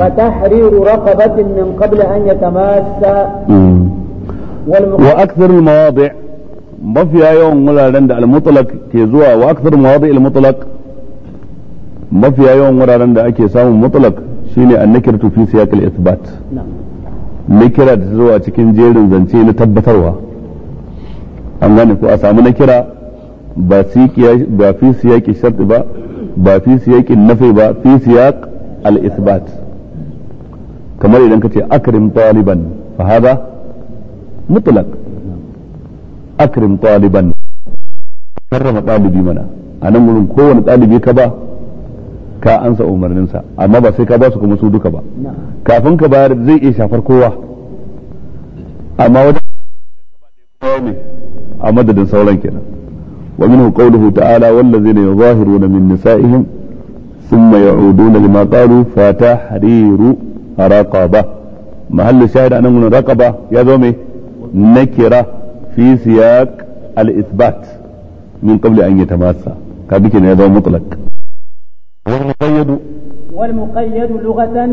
فتحرير رقبة من قبل أن يتماسا وأكثر المواضع mafiya yawan wuraren da al-mutlaq ke zuwa wa akthar mawadi al-mutlaq mafiya yawan wuraren da ake samun mutlaq shine an-nakiratu fi siyaq al-ithbat nakira da zuwa cikin jerin zance na tabbatarwa an gane ko a samu nakira ba siqiya ba fi siyaqi shart ba ba fi siyaqi nafi ba fi siyaq al isbat kamar idan kace akrim taliban fa hada mutlaq akrim taliban karrama ɗalibi mana a nan wurin kowane ɗalibi ka ba ka ansa umarninsa amma ba sai ka ba su kuma su duka ba kafin ka bayar zai iya shafar kowa amma wajen ne a madadin sauran kenan wa minhu qawluhu ta'ala wallazina yuzahiruna min nisa'ihim thumma ya'uduna lima qalu fa tahriru raqaba mahallu shahid anan raqaba ya zo me nakira fi siyaq al-ithbat min qabli an yatamassa ka bi kenan ya zama mutlaq wal muqayyad wal muqayyad lughatan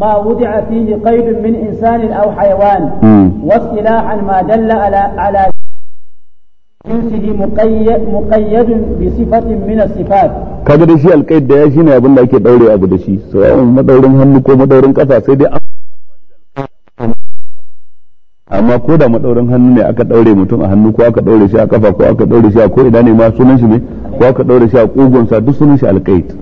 ma wudi'a fihi qayd min insan au hayawan wa istilahan ma dalla ala ala jinsihi muqayyad muqayyad bi sifatin min as-sifat kaga da shi alƙaid da ya shi ne abin da ake daure abu da shi sauran hannu ko ƙasa sai dai amma ko da madaurin hannu ne aka daure mutum a hannu ko aka daure shi a kafa ko aka daure shi a ko ina ne ma sunan shi ne ko aka daure shi a kugon sa duk sunan shi alqaid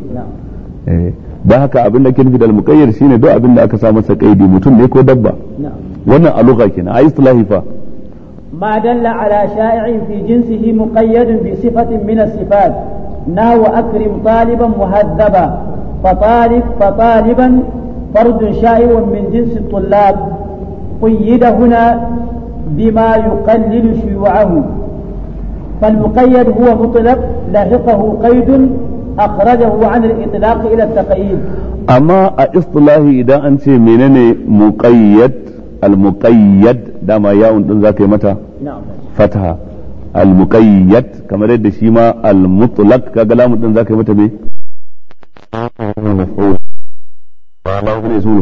eh da haka abin da kin fidal muqayyir shine duk abin da aka samu sa masa kaidi mutum ne ko dabba wannan a lugha kenan a istilahi fa ما دل على شائع في جنسه مقيد بصفة من الصفات ناو أكرم طالبا مهذبا فطالب فطالبا فرد شائع من جنس الطلاب قيد هنا بما يقلل شيوعه فالمقيد هو مطلق لاحقه قيد اخرجه عن الاطلاق الى التقييد اما اصطلاح اذا انت منني مقيد المقيد دام يا ان ذاك متى نعم. فتح المقيد كما رد شيما المطلق كلام ان ذاك متى بي مفعول ما لا يكون اسمه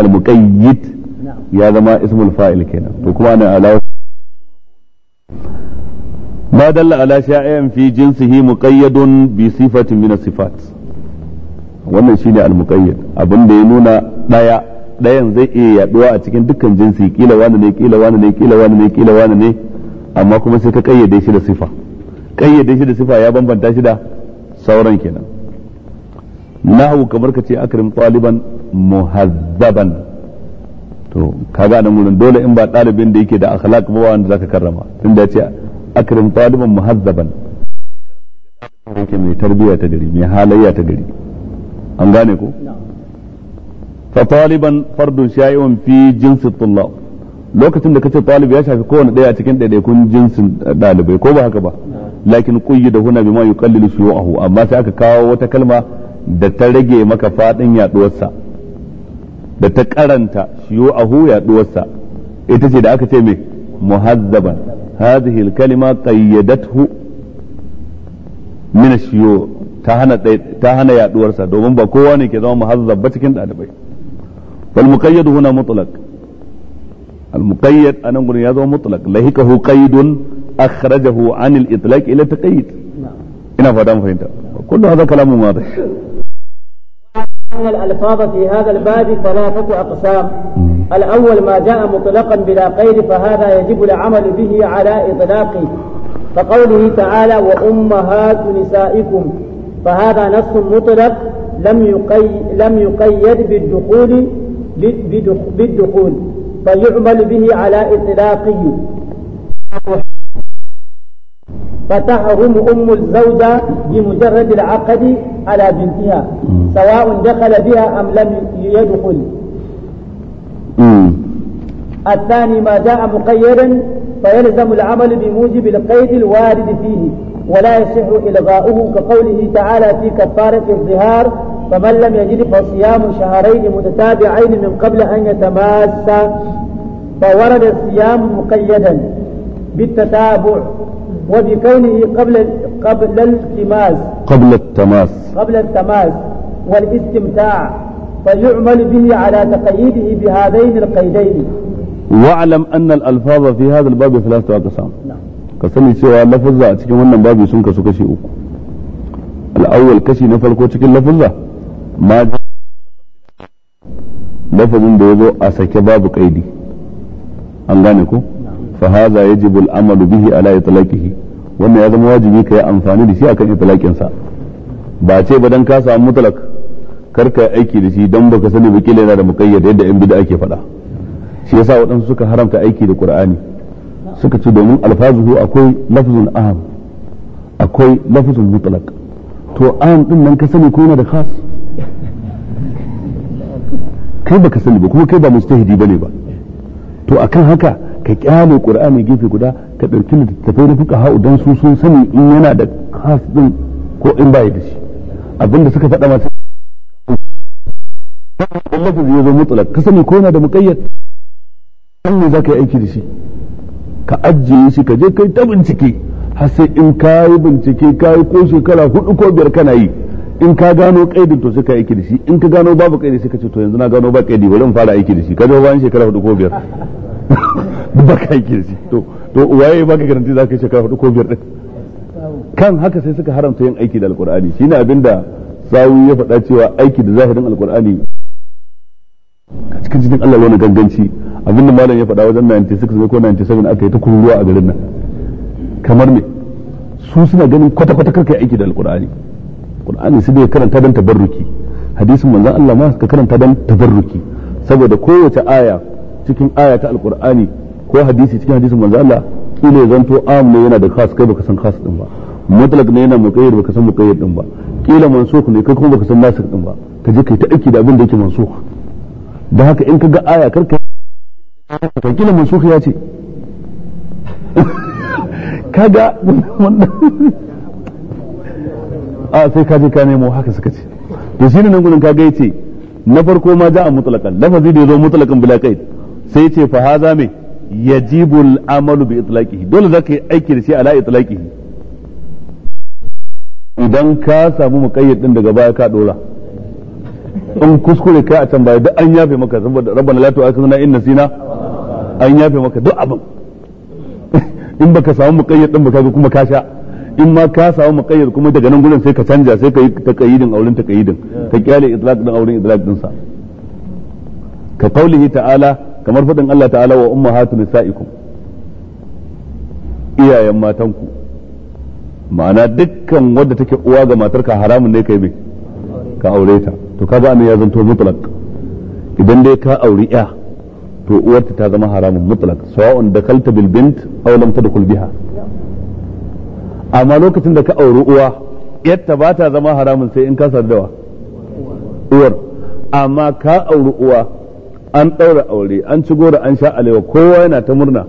المقيد ya zama ismul fa'il kenan to kuma ana alawa dalla ala sha'in fi jinsihi muqayyadun bi sifatin min sifat wannan shine al-muqayyad abin da ya nuna daya dayan zai iya yaduwa a cikin dukkan jinsi kila wani ne kila wani ne kila wani ne kila wani ne amma kuma sai ka kayyade shi da sifa kayyade shi da sifa ya bambanta shi da sauran kenan nahu kamar ka ce akrim taliban muhazzaban to ka ga da murin dole in ba ɗalibin da yake da akhlaq ba wanda zaka karrama tunda yace akrim taliban muhazzaban yake mai tarbiyya ta gari mai halayya ta gari an gane ko fa taliban fardun shay'un fi jinsi tullab lokacin da kace talib ya shafi kowane daya cikin daidaikun jinsin dalibai ko ba haka ba lakin da huna bima yuqallilu shuyu'ahu amma sai aka kawo wata kalma da ta rage maka fadin yaduwarsa sa da ta karanta shiyo ahu duwarsa ita ce da aka ce mai muhazzaban hadhihi al-kalima qayyadathu min shiyo ta hana ta hana yaduwarsa domin ba kowa ne ke zama muhazzab ba cikin dalibai wal muqayyad huna mutlaq al muqayyad anan gurin ya zama mutlaq lahikahu qaydun akhrajahu an al-itlaq ila taqayyid ina fata mu fahimta kullu hadha kalamun wadih أن الألفاظ في هذا الباب ثلاثة أقسام الأول ما جاء مطلقا بلا قيد فهذا يجب العمل به على إطلاقه فقوله تعالى وأمهات نسائكم فهذا نص مطلق لم يقي لم يقيد بالدخول بالدخول فيعمل به على إطلاقه فتحرم أم الزوجة بمجرد العقد على بنتها سواء دخل بها أم لم يدخل الثاني ما جاء مقيدا فيلزم العمل بموجب القيد الوارد فيه ولا يصح إلغاؤه كقوله تعالى في كفارة الظهار فمن لم يجد فصيام شهرين متتابعين من قبل أن يتماس فورد الصيام مقيدا بالتتابع وبكونه قبل قبل التماس قبل التماس قبل التماس والاستمتاع فيعمل به على تقييده بهذين القيدين واعلم ان الالفاظ في هذا الباب ثلاثه اقسام نعم كسني cewa lafazza a cikin wannan babu sun kasu kashi uku al-awwal kashi na farko cikin lafazza ma lafazin da yazo a sake babu kaidi an gane ko fa hadha yajibu al-amalu bihi ala itlaqihi wannan ya zama wajibi ka yi amfani da shi akan itlaqin sa ba ce ba dan ka samu mutlaq kar ka aiki da shi dan baka sani ba kila yana da muqayyad yadda yan bid'a ake faɗa shi yasa waɗansu suka haramta aiki da qur'ani suka ce domin alfazuhu akwai lafzun aham akwai lafzun mutlaq to aham din nan ka sani ko yana da khas kai baka sani ba kuma kai ba mujtahidi bane ba to akan haka ka kyale qur'ani gefe guda ta ɗauki littattafai na fuka ha'u don su sun sani in yana da khas ko in baya da shi abinda suka faɗa masu lafaz ya zo mutlak ka sani ko yana da muƙayyad kan ne za ka yi aiki da shi ka ajiye shi ka je kai ta bincike har sai in ka yi bincike ka yi ko shekara hudu ko biyar kana yi in ka gano kaidin to sai ka aiki da shi in ka gano babu kaidi sai ka ce to yanzu na gano ba kaidi bari in fara aiki da shi ka zo bayan shekara hudu ko biyar ba ka aiki da shi to to waye baka garanti zaka yi shekara hudu ko biyar din kan haka sai suka haramta yin aiki da alqur'ani shine abinda sawu ya faɗa cewa aiki da zahirin alqur'ani a cikin cikin Allah wani ganganci abinda malam ya faɗa wajen 96 ne ko 97 aka yi ta kururuwa a garin nan kamar me su suna ganin kwata kwata karka aiki da alqur'ani qur'ani sai dai karanta dan tabarruki hadisin manzon Allah ma ka karanta dan tabarruki saboda kowace aya cikin aya ta alqur'ani ko hadisi cikin hadisin manzo Allah kila zanto am ne yana da khas kai baka san khas din ba mutlak ne yana muqayyad baka san muqayyad din ba kila mansukh ne kai kuma baka san nasikh din ba ka je kai ta aiki da abin da yake mansukh da haka in kaga aya karka ka kila mansukh ya ce kaga a ah, sai ka je ka nemo haka suka ce to shi ne nan gudun kaga yace na farko ma a mutlakan lafazi da yazo mutlaqan bila qaid sai yace fa haza me yajibu al-amalu bi itlaqihi dole zaka yi aiki da shi ala itlaqihi idan ka samu muqayyad din daga baya ka dora in kuskure kai a can baya duk an yafe maka saboda rabbana la tu'akhidhna in nasina an yafe maka duk abin in baka samu muqayyad din baka ga kuma ka sha in ma ka samu muqayyad kuma daga nan gurin sai ka canja sai ka yi taqayyidin auren taqayyidin ka kyale itlaq din auren itlaq din sa ka qaulihi ta'ala kamar faɗin Allah ta'ala wa ummahatu nisaikum iyayen matanku ma'ana dukkan wadda take uwa ga matarka haramun ne kai mai ka aure ta to kaga anan ya zanto mutlaq idan dai ka auri ya to uwarta ta zama haramun mutlaq sawa'un dakalta bil bint aw lam tadkhul biha amma lokacin da ka auri uwa yadda ba ta zama haramun sai in ka sardawa uwar amma ka auri uwa an ɗaura aure an ci goro an sha alewa kowa yana ta murna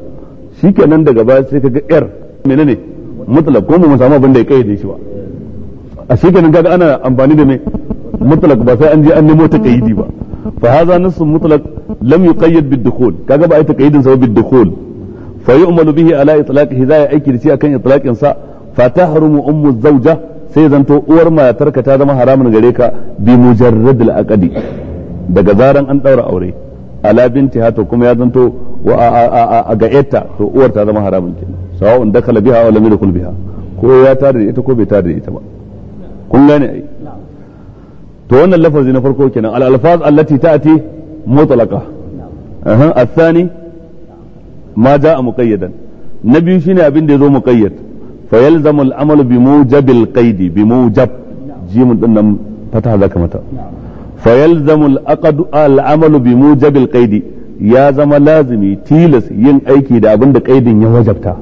shikenan daga baya sai kaga yar menene mutlak ko mu samu abin da ya kayyade shi ba a shikenan kaga ana amfani da me mutlak ba sai an je an nemo ta kayyidi ba fa hadha nasu mutlak lam yuqayyad bid dukhul kaga ba ai ta kayyidin sa bid dukhul fa yu'malu bihi ala itlaqihi za ya aiki da shi akan itlaqin sa fa tahrumu ummu zawja sai zanto uwar matarka ta zama haramun gare ka bi mujarradil aqdi daga zaran an daura aure ala binti hato kuma ya zanto a ga yatta to uwar ta zama haramun kenan sawa'un dakala biha aw lam yadkhul biha ko ya tada da ita ko bai tada da ita ba kun gane ai to wannan lafazi na farko kenan al alfaz allati ta'ati mutlaqa aha athani ma jaa muqayyadan na biyu shine abin da yazo muqayyad fa yalzamu al amalu bi mujabil qaidi bi mujab jimun din nan fata zaka mata fa yalzamu al-amalu bi mujabil qaidi ya zama lazimi tilas yin aiki da abin da qaidin ya wajabta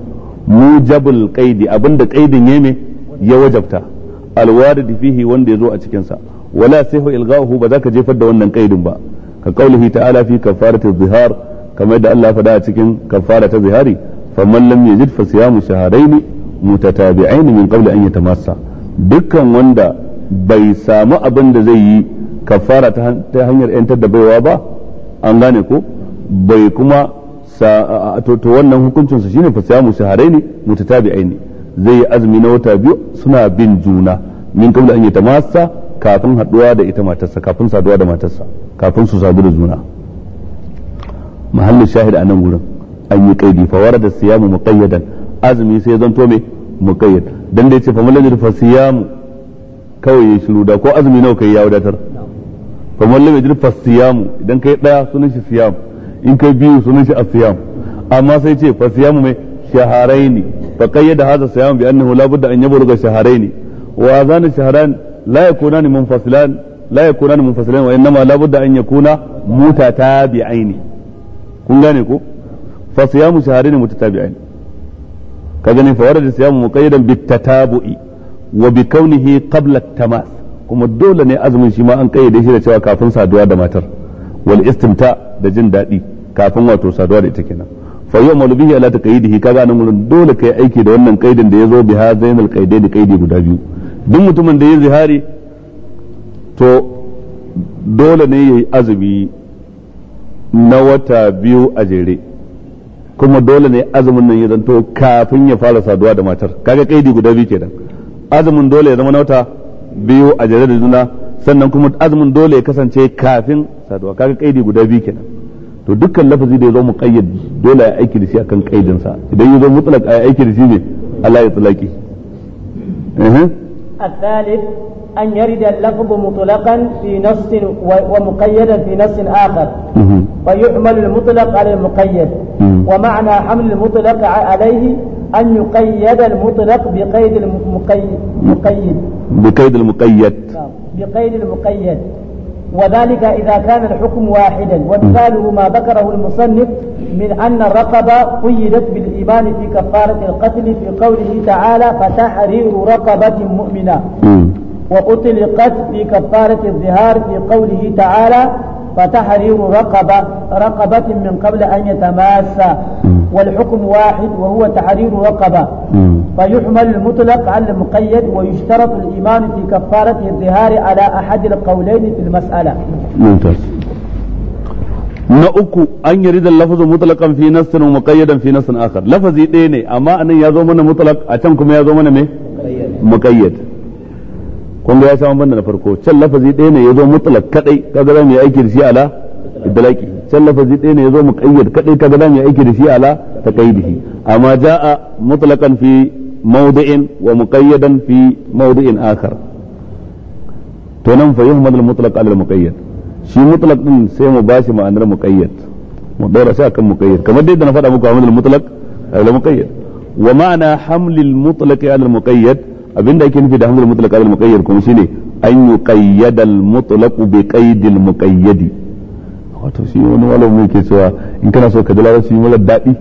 mujabul qaidi abin da qaidin ya me ya wajabta alwaridi fihi wanda yazo a cikin sa wala sayhu ilghahu ba zaka jefar da wannan qaidin ba ka qaulihi ta'ala fi kafaratu zihar kamar da Allah faɗa a cikin kafara ta zihari faman lam yajid fa siyamu shahrayn mutatabi'ain min qabl an yatamassa dukkan wanda bai samu abin da zai yi kafara ta hanyar yantar da baiwa ba an gane ko bai kuma to wannan hukuncin su shine fasiyamu shaharaini ne zai yi azumi na wata biyu suna bin juna min kamar an yi yatamassa kafin haduwa da ita matarsa kafin saduwa da matarsa kafin su sadu da juna mahallin shahid a nan gurin an yi kaidi fa warada siyamu muqayyadan azumi sai to me muqayyad dan da ce fa man fa yadfa siyamu kawai ya shiru da ko azumi nawa kai ya wadatar kamar lam yajid fasiyamu idan kai daya sunan shi siyam in kai biyu sunan shi asiyam amma sai ce fasiyamu mai shaharaini fa qayyada hadha siyam bi annahu la budda an yabluga shaharaini wa azan shahran la yakunani munfasilan la yakunani munfasilan wa innama la budda an yakuna mutatabi'aini kun gane ko fasiyamu shaharaini mutatabi'aini kaga ne fa warada siyamu muqayyadan bitatabu'i wa bi kaunihi qabla at-tamas kuma dole ne azumin shi ma an kayyade shi da cewa kafin saduwa da matar wal istimta da jin daɗi kafin wato saduwa da ita kenan fa yau malubi ya lata kaidihi kaga nan wurin dole kai aiki da wannan kaidin da ya zo biha zainal kaidai da kaidi guda biyu duk mutumin da ya zihari to dole ne ya yi azumi na wata biyu a jere kuma dole ne azumin nan ya zanto kafin ya fara saduwa da matar kaga kaidi guda biyu kenan azumin dole ya zama na wata biyu a jere da juna sannan kuma azumin dole ya kasance kafin saduwa kaga kaidi guda biyu kenan to dukkan lafazi da ya dole ya aiki da shi akan kaidin sa idan ya zo mutlaq aiki da shi ne Allah ya tsalaki eh الثالث أن يرد اللفظ مطلقا في نص ومقيدا في نص آخر فيحمل المطلق على المقيد ومعنى حمل المطلق alayhi. أن يقيد المطلق بقيد المقيد بقيد المقيد نعم بقيد المقيد وذلك إذا كان الحكم واحدا ومثاله ما ذكره المصنف من أن الرقبة قيدت بالإيمان في كفارة القتل في قوله تعالى فتحرير رقبة مؤمنة وأطلقت في كفارة الظهار في قوله تعالى فتحرير رقبة رقبة من قبل أن يتماسى والحكم واحد وهو تحرير رقبة فيحمل المطلق على المقيد ويشترط الإيمان في كفارة الظهار على أحد القولين في المسألة ممتاز نأكو أن يريد اللفظ مطلقا في نص ومقيدا في نص آخر لفظ ديني أما أن يظمن مطلق أتنكم يظمن مقيد مقيد kun ga ya sha banda na farko can lafazi ɗaya ne ya zo mutlak kadai kaga za mu yi aiki da shi ala idlaqi can lafazi ɗaya ne ya zo muqayyad kadai kaga za mu yi aiki da shi ala taqayyidihi amma jaa mutlaqan fi mawdi'in wa muqayyadan fi mawdi'in akhar to nan fa yuhmad al mutlaq ala al muqayyad shi mutlaq din sai mu bashi ma'anar muqayyad mu daura shi akan muqayyad kamar dai da na faɗa muku amil al mutlaq ala al muqayyad wa ma'ana hamlil al ala al muqayyad abinda ake nufi da hamzul mutlaq al muqayyad kuma shine an yuqayyada al mutlaq bi qayd al wato shi wani malamin yake cewa in kana so ka ji larabci mara daɗi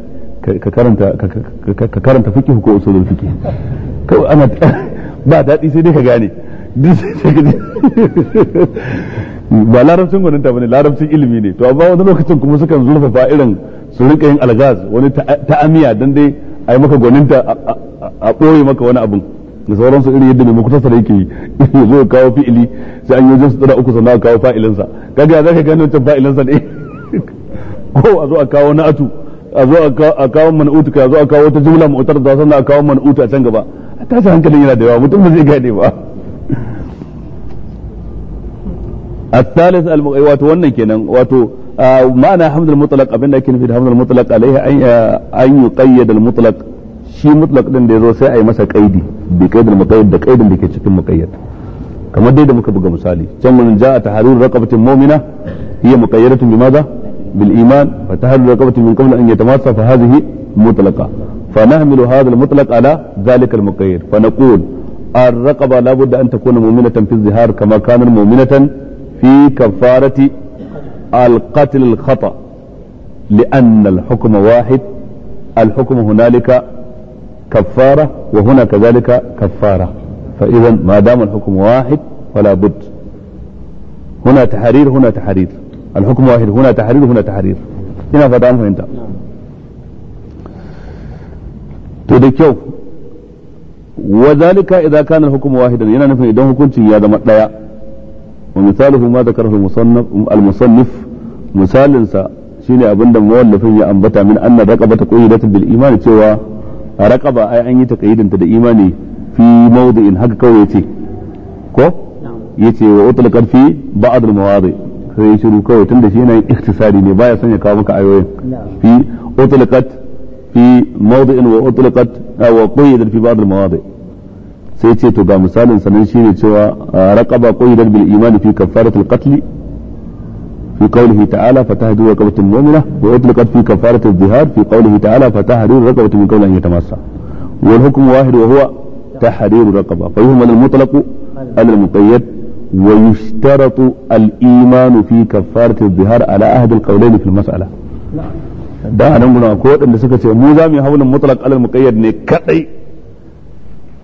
ka karanta ka karanta fiqh ko usulul fiqh kai ana ba daɗi sai dai ka gane ba larabcin gwaninta bane larabcin ilimi ne to amma wani lokacin kuma sukan zurfafa irin su rinka yin algaz wani ta'amiya don dai a yi maka gwaninta a ɓoye maka wani abin da sauransu irin yadda mai mukutasar yake yi ya zo kawo fi'ili sai an yi wajen su uku sannan a kawo fa'ilinsa kaga ya zaka gane wancan fa'ilinsa ne ko a zo a kawo na'atu a zo a kawo man'utu ka zo a kawo wata jumla ma'utar da sannan a kawo man'utu a can gaba ta sa hankalin yana da yawa mutum ba zai gane ba الثالث wato wannan kenan wato معنى حمد المطلق abin da ake nufi da hamdul mutlaq alaiha ah, an yuqayyad al mutlaq shi mutlaq din da yazo sai a yi masa kaidi bi qaidil muqayyad da qaidin da ke cikin muqayyad kamar dai da muka buga misali can mun ja'a tahriru raqabatin mu'mina hiya muqayyadatun bimaza bil iman fa tahriru raqabatin min qabl an yatamassa fa hadhihi mutlaqa fa nahmilu hadha al mutlaq ala dhalika al muqayyad fa naqul raqaba la الرقبة لا بد أن تكون مؤمنة في الزهار كما كانت مؤمنة في كفارة القتل الخطأ لأن الحكم واحد الحكم هنالك كفارة وهنا كذلك كفارة فإذا ما دام الحكم واحد فلا بد هنا تحرير هنا تحرير الحكم واحد هنا تحرير هنا تحرير هنا فدامه انت تدكيو وذلك إذا كان الحكم واحدا هنا نفن إذا هكم يا دم ومثاله ما ذكره المصنف المصنف مثال سا شيني أبندم مولفين يا أنبتا من أن الرقبة قيدت بالإيمان سوى raqaba ai an yi taqayidin da imani fi mawdi'in haka kawai yace ko yace wa utlaqat fi ba'd al-mawadi sai shiru kawai tunda shi yana yin ikhtisari ne baya son ya kawo maka ayoyin fi utlaqat fi mawdi'in wa utlaqat wa qayyidat fi ba'd al-mawadi sai ce to ga misalin sanan shine cewa raqaba qayyidat bil imani fi kaffaratul qatl في قوله تعالى فتحرير رقبة مؤمنة وأطلقت في كفارة الظهار في قوله تعالى فتحرير رقبة من قبل أن يتمسى والحكم واحد وهو تحرير رقبة فيهمل المطلق على المقيد ويشترط الإيمان في كفارة الظهار على أحد القولين في المسألة da a nan gudun akwai waɗanda suka ce mu za mu yi haulin mutlaq alal muqayyad ne kadai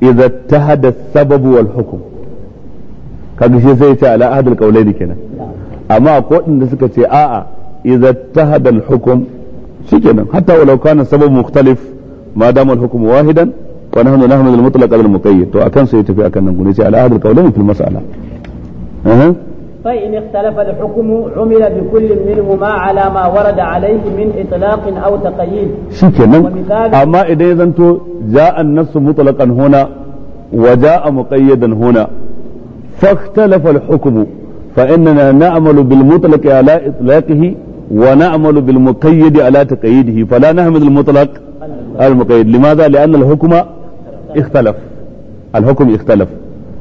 idza tahada sababu wal hukm kaga shi sai ya ce ala ahad al qawlaini kenan amma ko da suka ce a'a idza tahada al-hukm shikenan hatta walau kana sabab mukhtalif ma dama al-hukm wahidan wa nahnu nahmud al-mutlaq al-muqayyad to akan sai tafi akan nan gune sai ala hadal qawlan fil mas'ala aha فإن اختلف الحكم عمل بكل منهما على ما ورد عليه من إطلاق أو تقييد شكرا أما إذا يزنتو جاء النص مطلقا هنا وجاء مقيدا هنا فاختلف الحكم فإننا نعمل بالمطلق على إطلاقه ونعمل بالمقيد على تقييده فلا نحمد المطلق المقيد لماذا لأن الحكم اختلف الحكم اختلف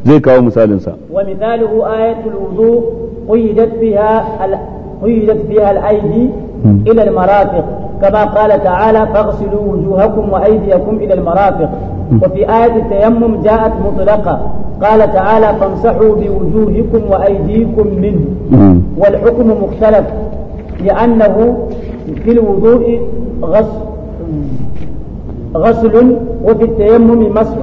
زي كاو مثال إنسان ومثاله آية الوضوء قيدت بها قيدت بها الأيدي إلى المرافق كما قال تعالى فاغسلوا وجوهكم وأيديكم إلى المرافق وفي آية التيمم جاءت مطلقة قال تعالى فامسحوا بوجوهكم وأيديكم منه والحكم مختلف لأنه في الوضوء غسل غسل وفي التيمم مسح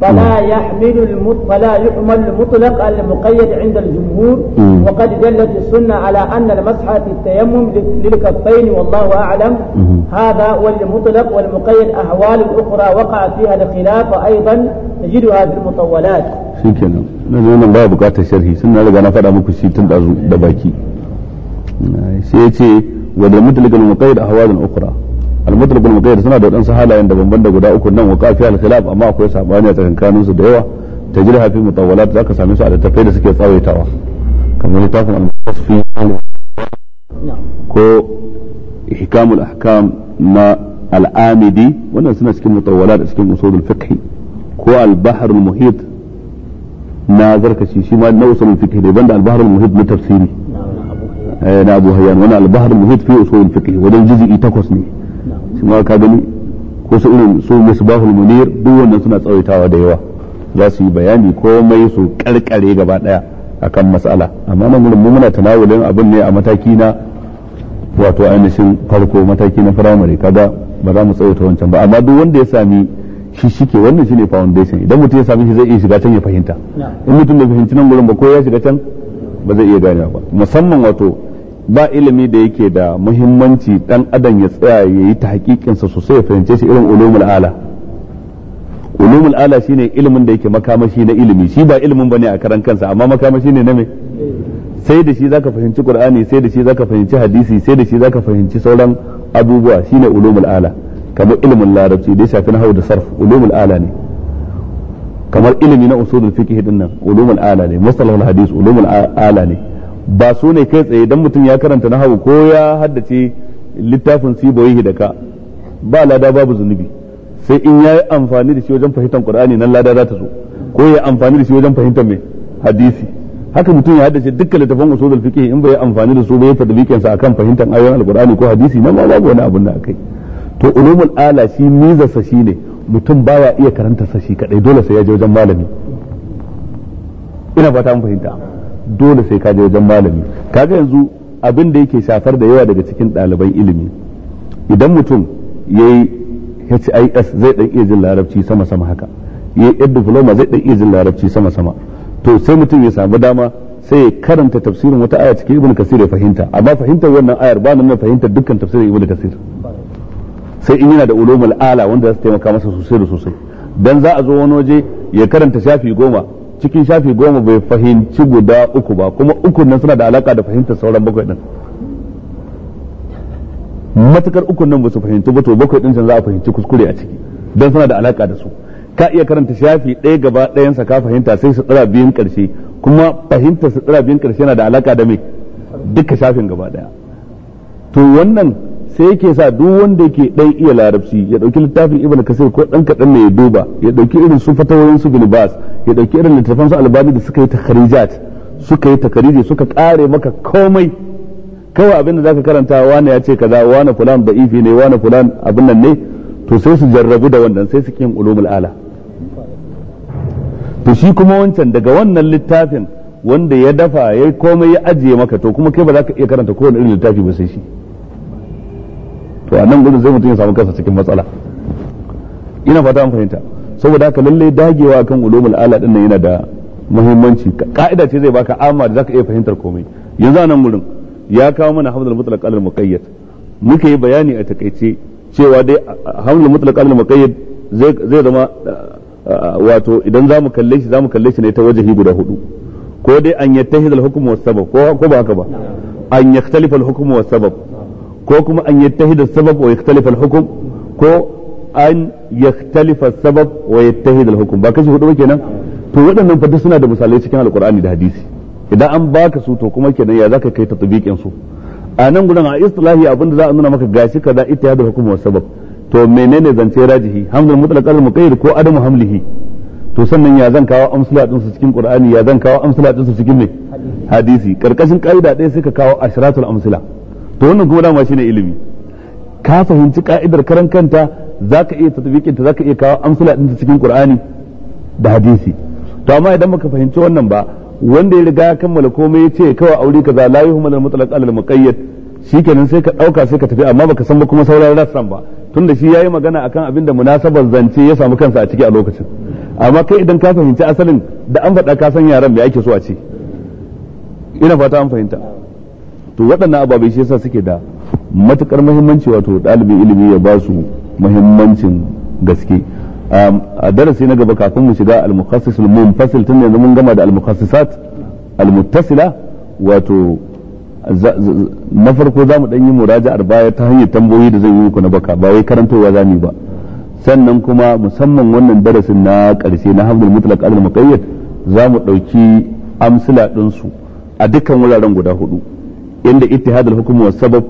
فلا نعم. يحمل المط... فلا يحمل المطلق المقيد عند الجمهور مم. نعم. وقد دلت السنه على ان المسح في التيمم للكفين والله اعلم مم. نعم. هذا والمطلق والمقيد اهوال اخرى وقع فيها الخلاف ايضا نجدها في المطولات. shi kenan na zo nan ba bukatar sharhi sun na riga na faɗa muku shi tun da al-mudrib al-muqayyad suna da wadansu halayen da banban da guda uku nan wa qafi amma akwai sabani a tsakankanin su da yawa tajriha fi mutawwalat zaka same su a da suke tsawaitawa kamar littafin al-mutasfi ko ihkamul ahkam na al-amidi wannan suna cikin mutawwalat cikin usulul fiqh ko al-bahr al-muhit na zarkashi shi ma na usulul fiqh banda al-bahr al na eh, na al wajen juz'i takwas ne shi ma ka gani ko su irin su misbahul munir duk wannan suna tsawaitawa da yawa za su yi bayani komai su karkare gaba daya akan mas'ala amma nan gurin mu muna tanawulin abin ne a mataki na wato ainihin farko mataki na firamare kaga ba za mu tsawaita wancan ba amma duk wanda ya sami shi shike wannan shine foundation idan mutum ya sami shi zai iya shiga can ya fahimta in mutum bai fahimci nan gurin ba ko ya shiga can ba zai iya ganewa ba musamman wato ba ilimi da yake da muhimmanci dan adam ya tsaya ya yi ta hakikinsa sosai ya fahimce shi irin ulumul ala ulumul ala shine ilimin da yake makamashi na ilimi shi ba ilimin bane a karan kansa amma makamashi ne na me sai da shi zaka fahimci qur'ani sai da shi zaka fahimci hadisi sai da shi zaka fahimci sauran abubuwa shine ulumul ala kamar ilimin larabci da ya shafi nahwu da sarf ulumul ala ne kamar ilimi na usulul fiqh din nan ulumul ala ne mustalahul hadis ulumul ala ne ba su ne kai tsaye dan mutum ya karanta nahawu ko ya haddace littafin siboyi da ka ba lada babu zunubi sai in ya yi amfani da shi wajen fahimtar qur'ani nan lada za ta zo ko ya amfani da shi wajen fahimtar mai hadisi haka mutum ya haddace dukkan littafin usulul fiqh in bai amfani da su bai ya tadbikin sa akan fahimtar ayoyin alqur'ani ko hadisi nan lada babu wani abun da akai to ulumul ala shi shi shine mutum baya iya karanta sa shi kadai dole sai ya je wajen malami ina fata mun fahimta dole sai ka je wajen malami kaga yanzu abin da yake shafar da yawa daga cikin ɗaliban ilimi idan mutum ya yi HIS zai ɗan iya jin larabci sama sama haka ya yi diploma zai ɗan iya jin larabci sama sama to sai mutum ya samu dama sai ya karanta tafsirin wata aya cikin ibn kasir ya fahimta amma fahimtar wannan ayar ba nan fahimtar dukkan tafsirin ibn kasir sai in yana da ulumul ala wanda za su taimaka masa sosai da sosai dan za a zo wani waje ya karanta shafi goma cikin shafi goma bai fahimci guda uku ba kuma uku nan suna da alaka da fahimtar sauran bakwai din matukar uku nan ba su fahimci ba to bakwai din can za a fahimci kuskure a ciki dan suna da alaka da su ka iya karanta shafi ɗaya gaba ɗayan sa ka fahimta sai su tsira biyun karshe kuma fahimtar su tsira biyun karshe yana da alaka da mai duka shafin gaba ɗaya to wannan sai yake sa duk wanda yake dai iya larabci ya dauki littafin ibn kasir ko dan kadan ne ya duba ya dauki irin su fatawoyin su bilbas ya dauki irin littafan su albani da suka yi takharijat suka yi takarije suka kare maka komai kawai abin da zaka karanta wani ya ce kaza wani fulan da'ifi ne wani fulan abin nan ne to sai su jarrabu da wannan sai su kin ulumul ala to shi kuma wancan daga wannan littafin wanda ya dafa ya komai ya ajiye maka to kuma kai ba za ka iya karanta kowane irin littafi ba sai shi to a nan gudun zai mutum ya samu kansa cikin matsala ina fata an fahimta saboda haka lalle dagewa kan ulumul ala din nan yana da muhimmanci ka'ida ce zai baka amma da zaka iya fahimtar komai yanzu a nan gudun ya kawo mana hamdul mutlaq al muqayyad muke bayani a takaice cewa dai hamdul mutlaq al muqayyad zai zai zama wato idan zamu kalle shi zamu kalle shi ne ta wajahi guda hudu ko dai an yattahi al hukm was sabab ko ko ba haka ba an yaktalifa al hukm was sabab ko kuma an yattahida sabab wa yaktalifa al-hukm ko an yaktalifa sabab wa yattahida al-hukm ba kashi hudu ba kenan to waɗannan fata suna da misalai cikin alqur'ani da hadisi idan an baka su to kuma kenan ya zaka kai tatbiqin su a nan gudan a istilahi abinda za a nuna maka gashi kaza ittihadul hukm wa sabab to menene zance rajihi hamdul mutlaq al muqayyid ko adamu hamlihi to sannan ya zan kawo amsala din su cikin qur'ani ya zan kawo amsala din su cikin me hadisi karkashin kaida ɗaya sai ka kawo ashratul amsala to wannan kuma dama shine ilimi ka fahimci ka'idar karan kanta zaka iya tatbikin ta zaka iya kawo amsala ɗinta cikin Qur'ani da hadisi to amma idan baka fahimci wannan ba wanda ya riga ya kammala komai ya ce kawai aure kaza la yuhmal al mutlaq al muqayyad shikenan sai ka ɗauka sai ka tafi amma baka san ba kuma sauran rassan ba tunda shi yi magana akan abin da munasabar zance ya samu kansa a ciki a lokacin amma kai idan ka fahimci asalin da an faɗa ka san yaran me ake so a ce ina fata an fahimta to waɗannan ababai shi yasa suke da matukar muhimmanci wato ɗalibin ilimi ya ba su muhimmancin gaske a darasi na gaba kafin mu shiga al-mukhassis al-munfasil tun yanzu mun gama da al-mukhassisat al-muttasila wato na farko za dan yi muraja baya ta hanyar tambayoyi da zan yi muku na baka ba wai karantowa za mu ba sannan kuma musamman wannan darasin na karshe na hamdul mutlaq al-muqayyad za mu ɗauki amsila dinsu a dukkan wuraren guda hudu inda ittihadul hukm wa sabab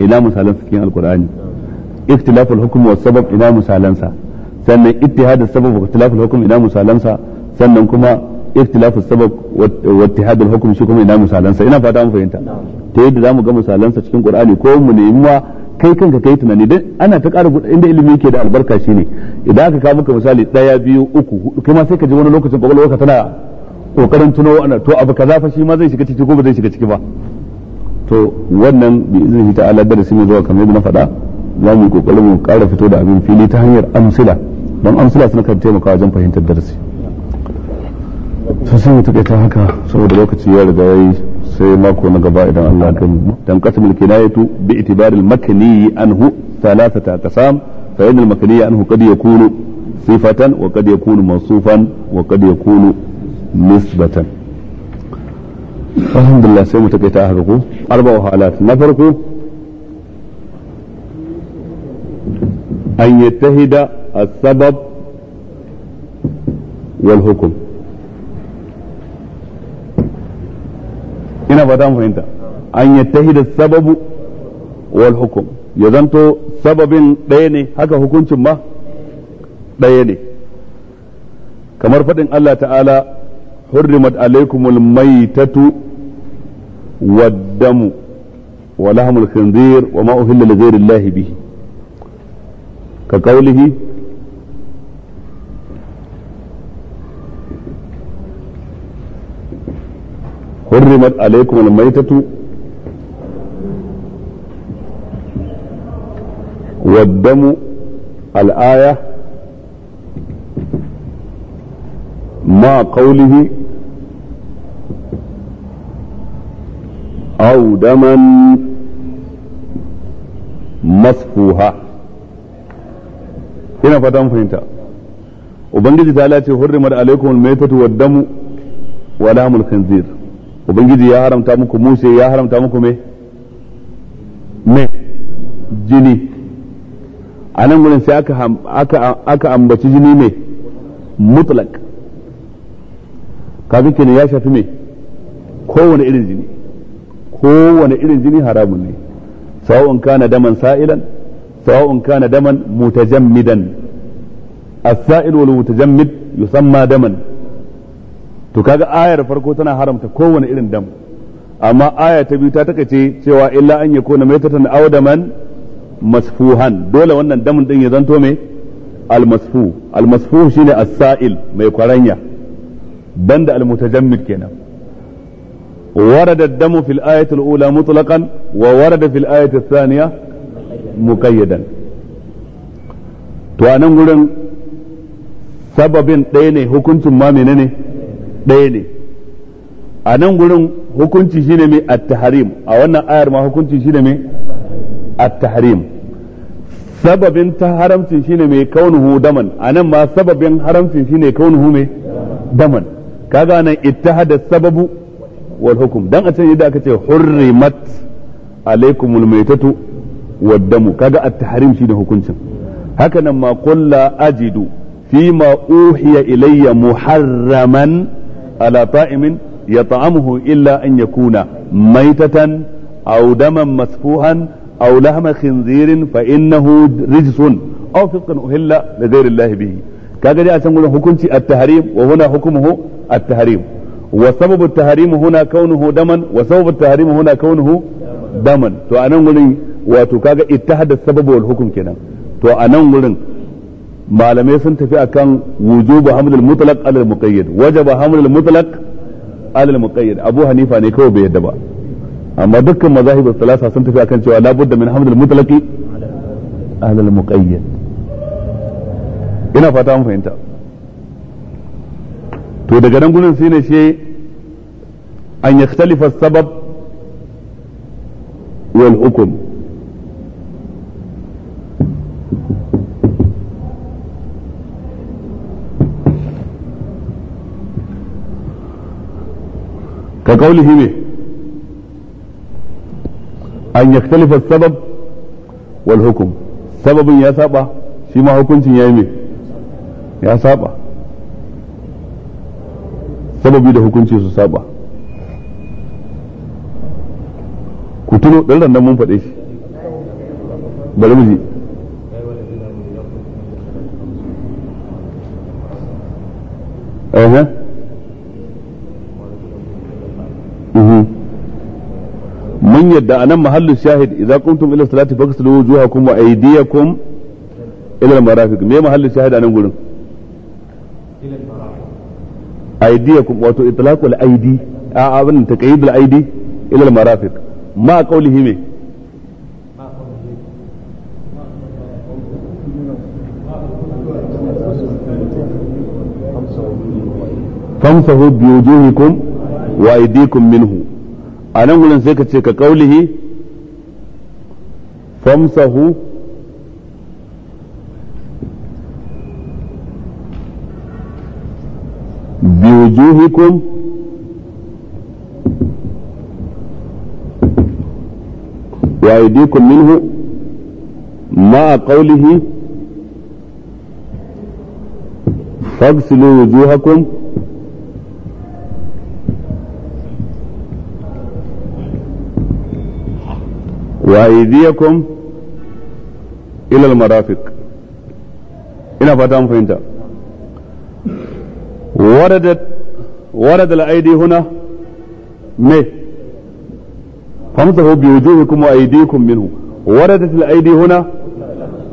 ila misalan cikin alqur'ani ikhtilaful hukm wa sabab ila misalan sa sannan ittihadus sabab wa ikhtilaful hukm ila misalan sa sannan kuma ikhtilafus sabab wa ittihadul hukm shi kuma ila misalan sa ina fata mun fahimta ta yadda zamu ga misalan sa cikin qur'ani ko mu nemiwa ma kai kanka kai tunani dan ana ta ƙara inda ilimi yake da albarka shine idan aka kawo maka misali daya biyu uku hudu kai ma sai ka ji wani lokacin kwakwalwarka tana kokarin tuno ana to abu kaza fa shi ma zai shiga ciki ko ba zai shiga ciki ba to wannan bi izini ta ala darasi mai zuwa kamar yadda na faɗa za mu yi kokarin mu ƙara fito da abin fili ta hanyar amsila don amsila suna kan taimaka wajen fahimtar darasi sosai mu taƙaita haka saboda lokaci ya riga yayi sai mako na gaba idan Allah ya mu dan qasmul kinayatu bi itibari al-makni anhu thalathata kasa fa yadul makani anhu qad yakunu sifatan wa qad yakunu mawsufan wa qad yakunu nisbatan alhamdulillah sai mu ta haka ko arba'u halat na farko an yattahida a sabab wal hukm ina fata mu fahimta an yattahida as-sababu wal hukm ya zanto sababin ɗaya ne haka hukuncin ma ɗaya ne kamar faɗin Allah ta'ala حرمت عليكم الميتة والدم ولحم الخنزير وما أهل لغير الله به كقوله حرمت عليكم الميتة والدم الآية wa kaulihi au dama masfuta ina fata ma fahimta ubangiji ta ala ce horre mada alekum wa damu wa ubangiji ya haramta muku musa ya haramta muku me. ne jini a nan sai aka ambaci jini ne mutlak. kaga kenan ya shafi mai kowane irin jini kowane irin jini haramun ne sawa'un kana daman sa'ilan sawa'un kana daman mutajammidan as-sa'il wal mutajammid yusamma daman to kaga ayar farko tana haramta kowane irin dam amma aya ta biyu ta takaice cewa illa an yakuna maitatan aw daman masfuhan dole wannan damin din ya zanto me al-masfu al-masfu shine as-sa'il mai kwaranya banda almutajammid kenan ورد الدم في الآية الأولى مطلقا وورد في الآية الثانية مقيدا to anan gurin sababin ɗaya ne hukuncin ma menene ɗaya ne a nan gurin hukunci shine mai at-tahrim a wannan ayar ma hukunci shine mai at-tahrim sababin ta haramcin shine a nan ma sababin kaga nan ittihada sababu wal hukum dan a can idan aka ce hurrimat alaikumul maytatu wad damu kaga at-tahrim shi da hukuncin haka nan ma kulla ajidu fi ma uhiya ilayya muharraman ala ta'imin yata'amuhu illa an yakuna maytatan aw daman masfuhan aw lahma khinzirin fa innahu rijsun aw fiqan uhilla li ghayri allahi bihi kaga dai a can gurin hukunci at-tahrim wa huna hukmuhu at-tahrim wa sababu at-tahrim huna kaunuhu daman wa sababu at-tahrim huna kaunuhu daman to anan gurin wato kaga ittihada sababu wal hukm kenan to anan gurin malamai sun tafi akan wujubu hamdul mutlaq alal muqayyad wajaba hamdul mutlaq alal muqayyad abu hanifa ne kawai bai yadda ba amma dukkan mazahibul salasa sun tafi akan cewa labudda min hamdul mutlaqi alal muqayyad ina fata mun fahimta to daga nan gurin sai ne shi an ya yakhtalifa sabab wal hukum ka kaulihi ne an ya yakhtalifa sabab wal hukum sababin ya saba shi ma hukuncin yayi mai ya saba sababi da hukunci su saba ku tuno ɗan randan mun faɗe shi bari mu ji eh mun yadda anan mahallu shahid idza qumtum ila salati faghsilu wujuhakum wa aydiyakum ila al-marafiq me mahallu shahid nan gurin aydiyakum wato itlaqul aidi a abin taqyidul aidi ila al-marafiq ma qawlihi me famsahu bi wujuhikum wa aydikum minhu anan gurin sai ka ce ka qawlihi famsahu وجوهكم وأيديكم منه مع قوله فاغسلوا وجوهكم وأيديكم إلى المرافق إلى فتام فهمت وردت ورد الأيدي هنا مه فامسحوا بوجوهكم وأيديكم منه وردت الأيدي هنا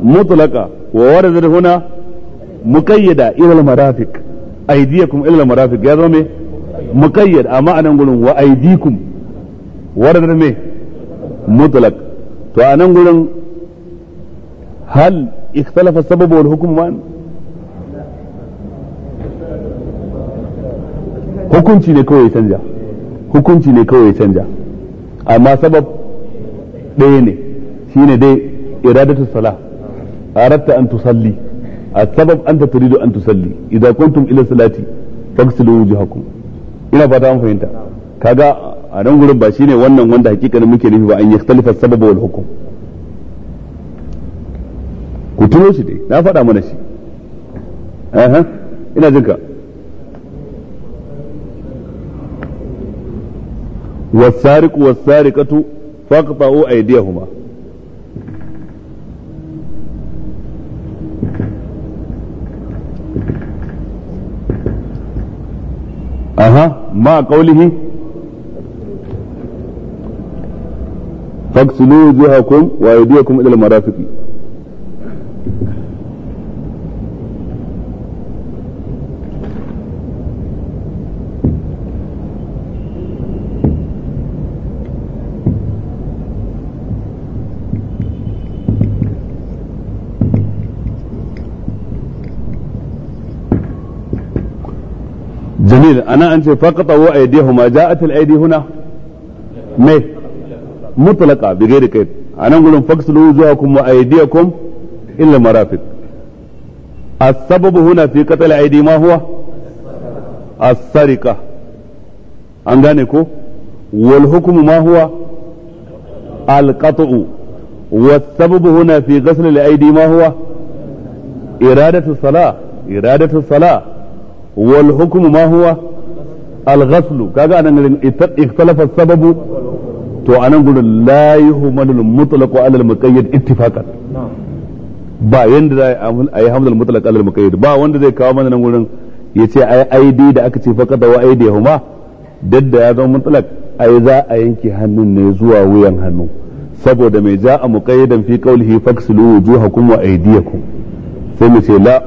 مطلقة ووردت هنا مقيدة إلى المرافق أيديكم إلى المرافق يا ذومي مقيد أما أنا نقول وأيديكم وردت مه مطلق فأنا نقول هل اختلف السبب والحكم معا hukunci ne kawai canja hukunci ne kawai canja amma sabab ɗaya ne shine dai iradatu salah aratta an tusalli السبب أنت تريد أن تصلي إذا كنتم إلى الصلاة فاغسلوا وجوهكم ina fata an fahimta kaga a nan gurin ba shine wannan wanda hakikanin muke nufi ba an yakhtalifa sababu wal hukum ku tuno shi dai na faɗa mana shi ina jinka والسارق والسارقة فاقطعوا أيديهما أها ما قوله فاغسلوا وجوهكم وأيديكم إلى المرافق dalil ana an ce faqata wa aydihuma ja'at al aydi huna me mutlaqa bi ghairi kayd anan gurin faksulu wujuhakum wa aydiyakum illa marafiq السبب هنا في قتل أيدي ما هو السرقة an gane ko wal hukumu ma huwa al qat'u was sababu huna fi ghasl al ma huwa wal hukmu ma huwa al ghaslu kaga anan gurin ikhtalafa sababu to anan gurin la yuhmalul mutlaq ala al muqayyad ittifaqan ba yanda za a yi hamdul mutlaq ala al muqayyad ba wanda zai kawo mana nan gurin yace ai i.D da aka ce faqata wa i.D huma dadda ya zama mutlaq ai za a yanke hannun ne zuwa wuyan hannu saboda mai ja'a muqayyadan fi qawlihi faksilu wujuhakum wa aydiyakum sai mu ce la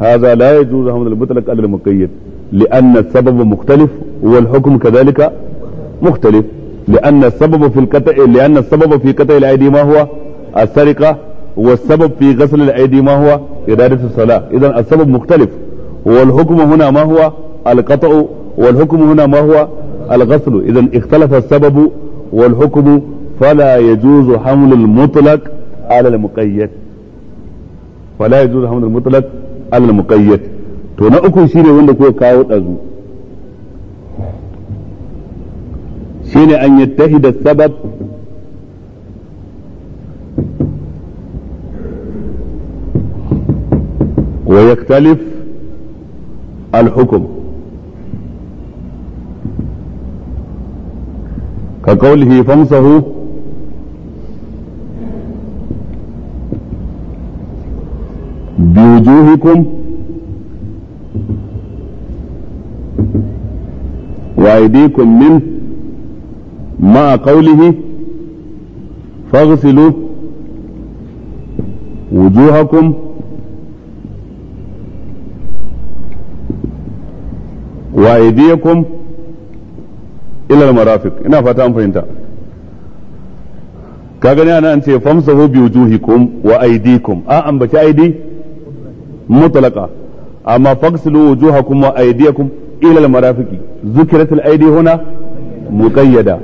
هذا لا يجوز حمل المطلق على المقيد لأن السبب مختلف والحكم كذلك مختلف لأن السبب في القطع لأن السبب في قطع الأيدي ما هو السرقة والسبب في غسل الأيدي ما هو إدارة الصلاة إذا السبب مختلف والحكم هنا ما هو القطع والحكم هنا ما هو الغسل إذا اختلف السبب والحكم فلا يجوز حمل المطلق على المقيد فلا يجوز حمل المطلق alal muqayyad to na uku shine wanda kuka kawo dazu shine an yattahida sabab ويختلف الحكم كقوله فامسحوا بوجوهكم وأيديكم منه مع قوله فاغسلوا وجوهكم وأيديكم إلى المرافق إنا فتان فهمتا kaga ne ana an ce famsahu أه أم wa أيدي mutalaka amma faksilu wujuhakum wa aydiyakum ila almarafiqi zukirat alaydi huna muqayyada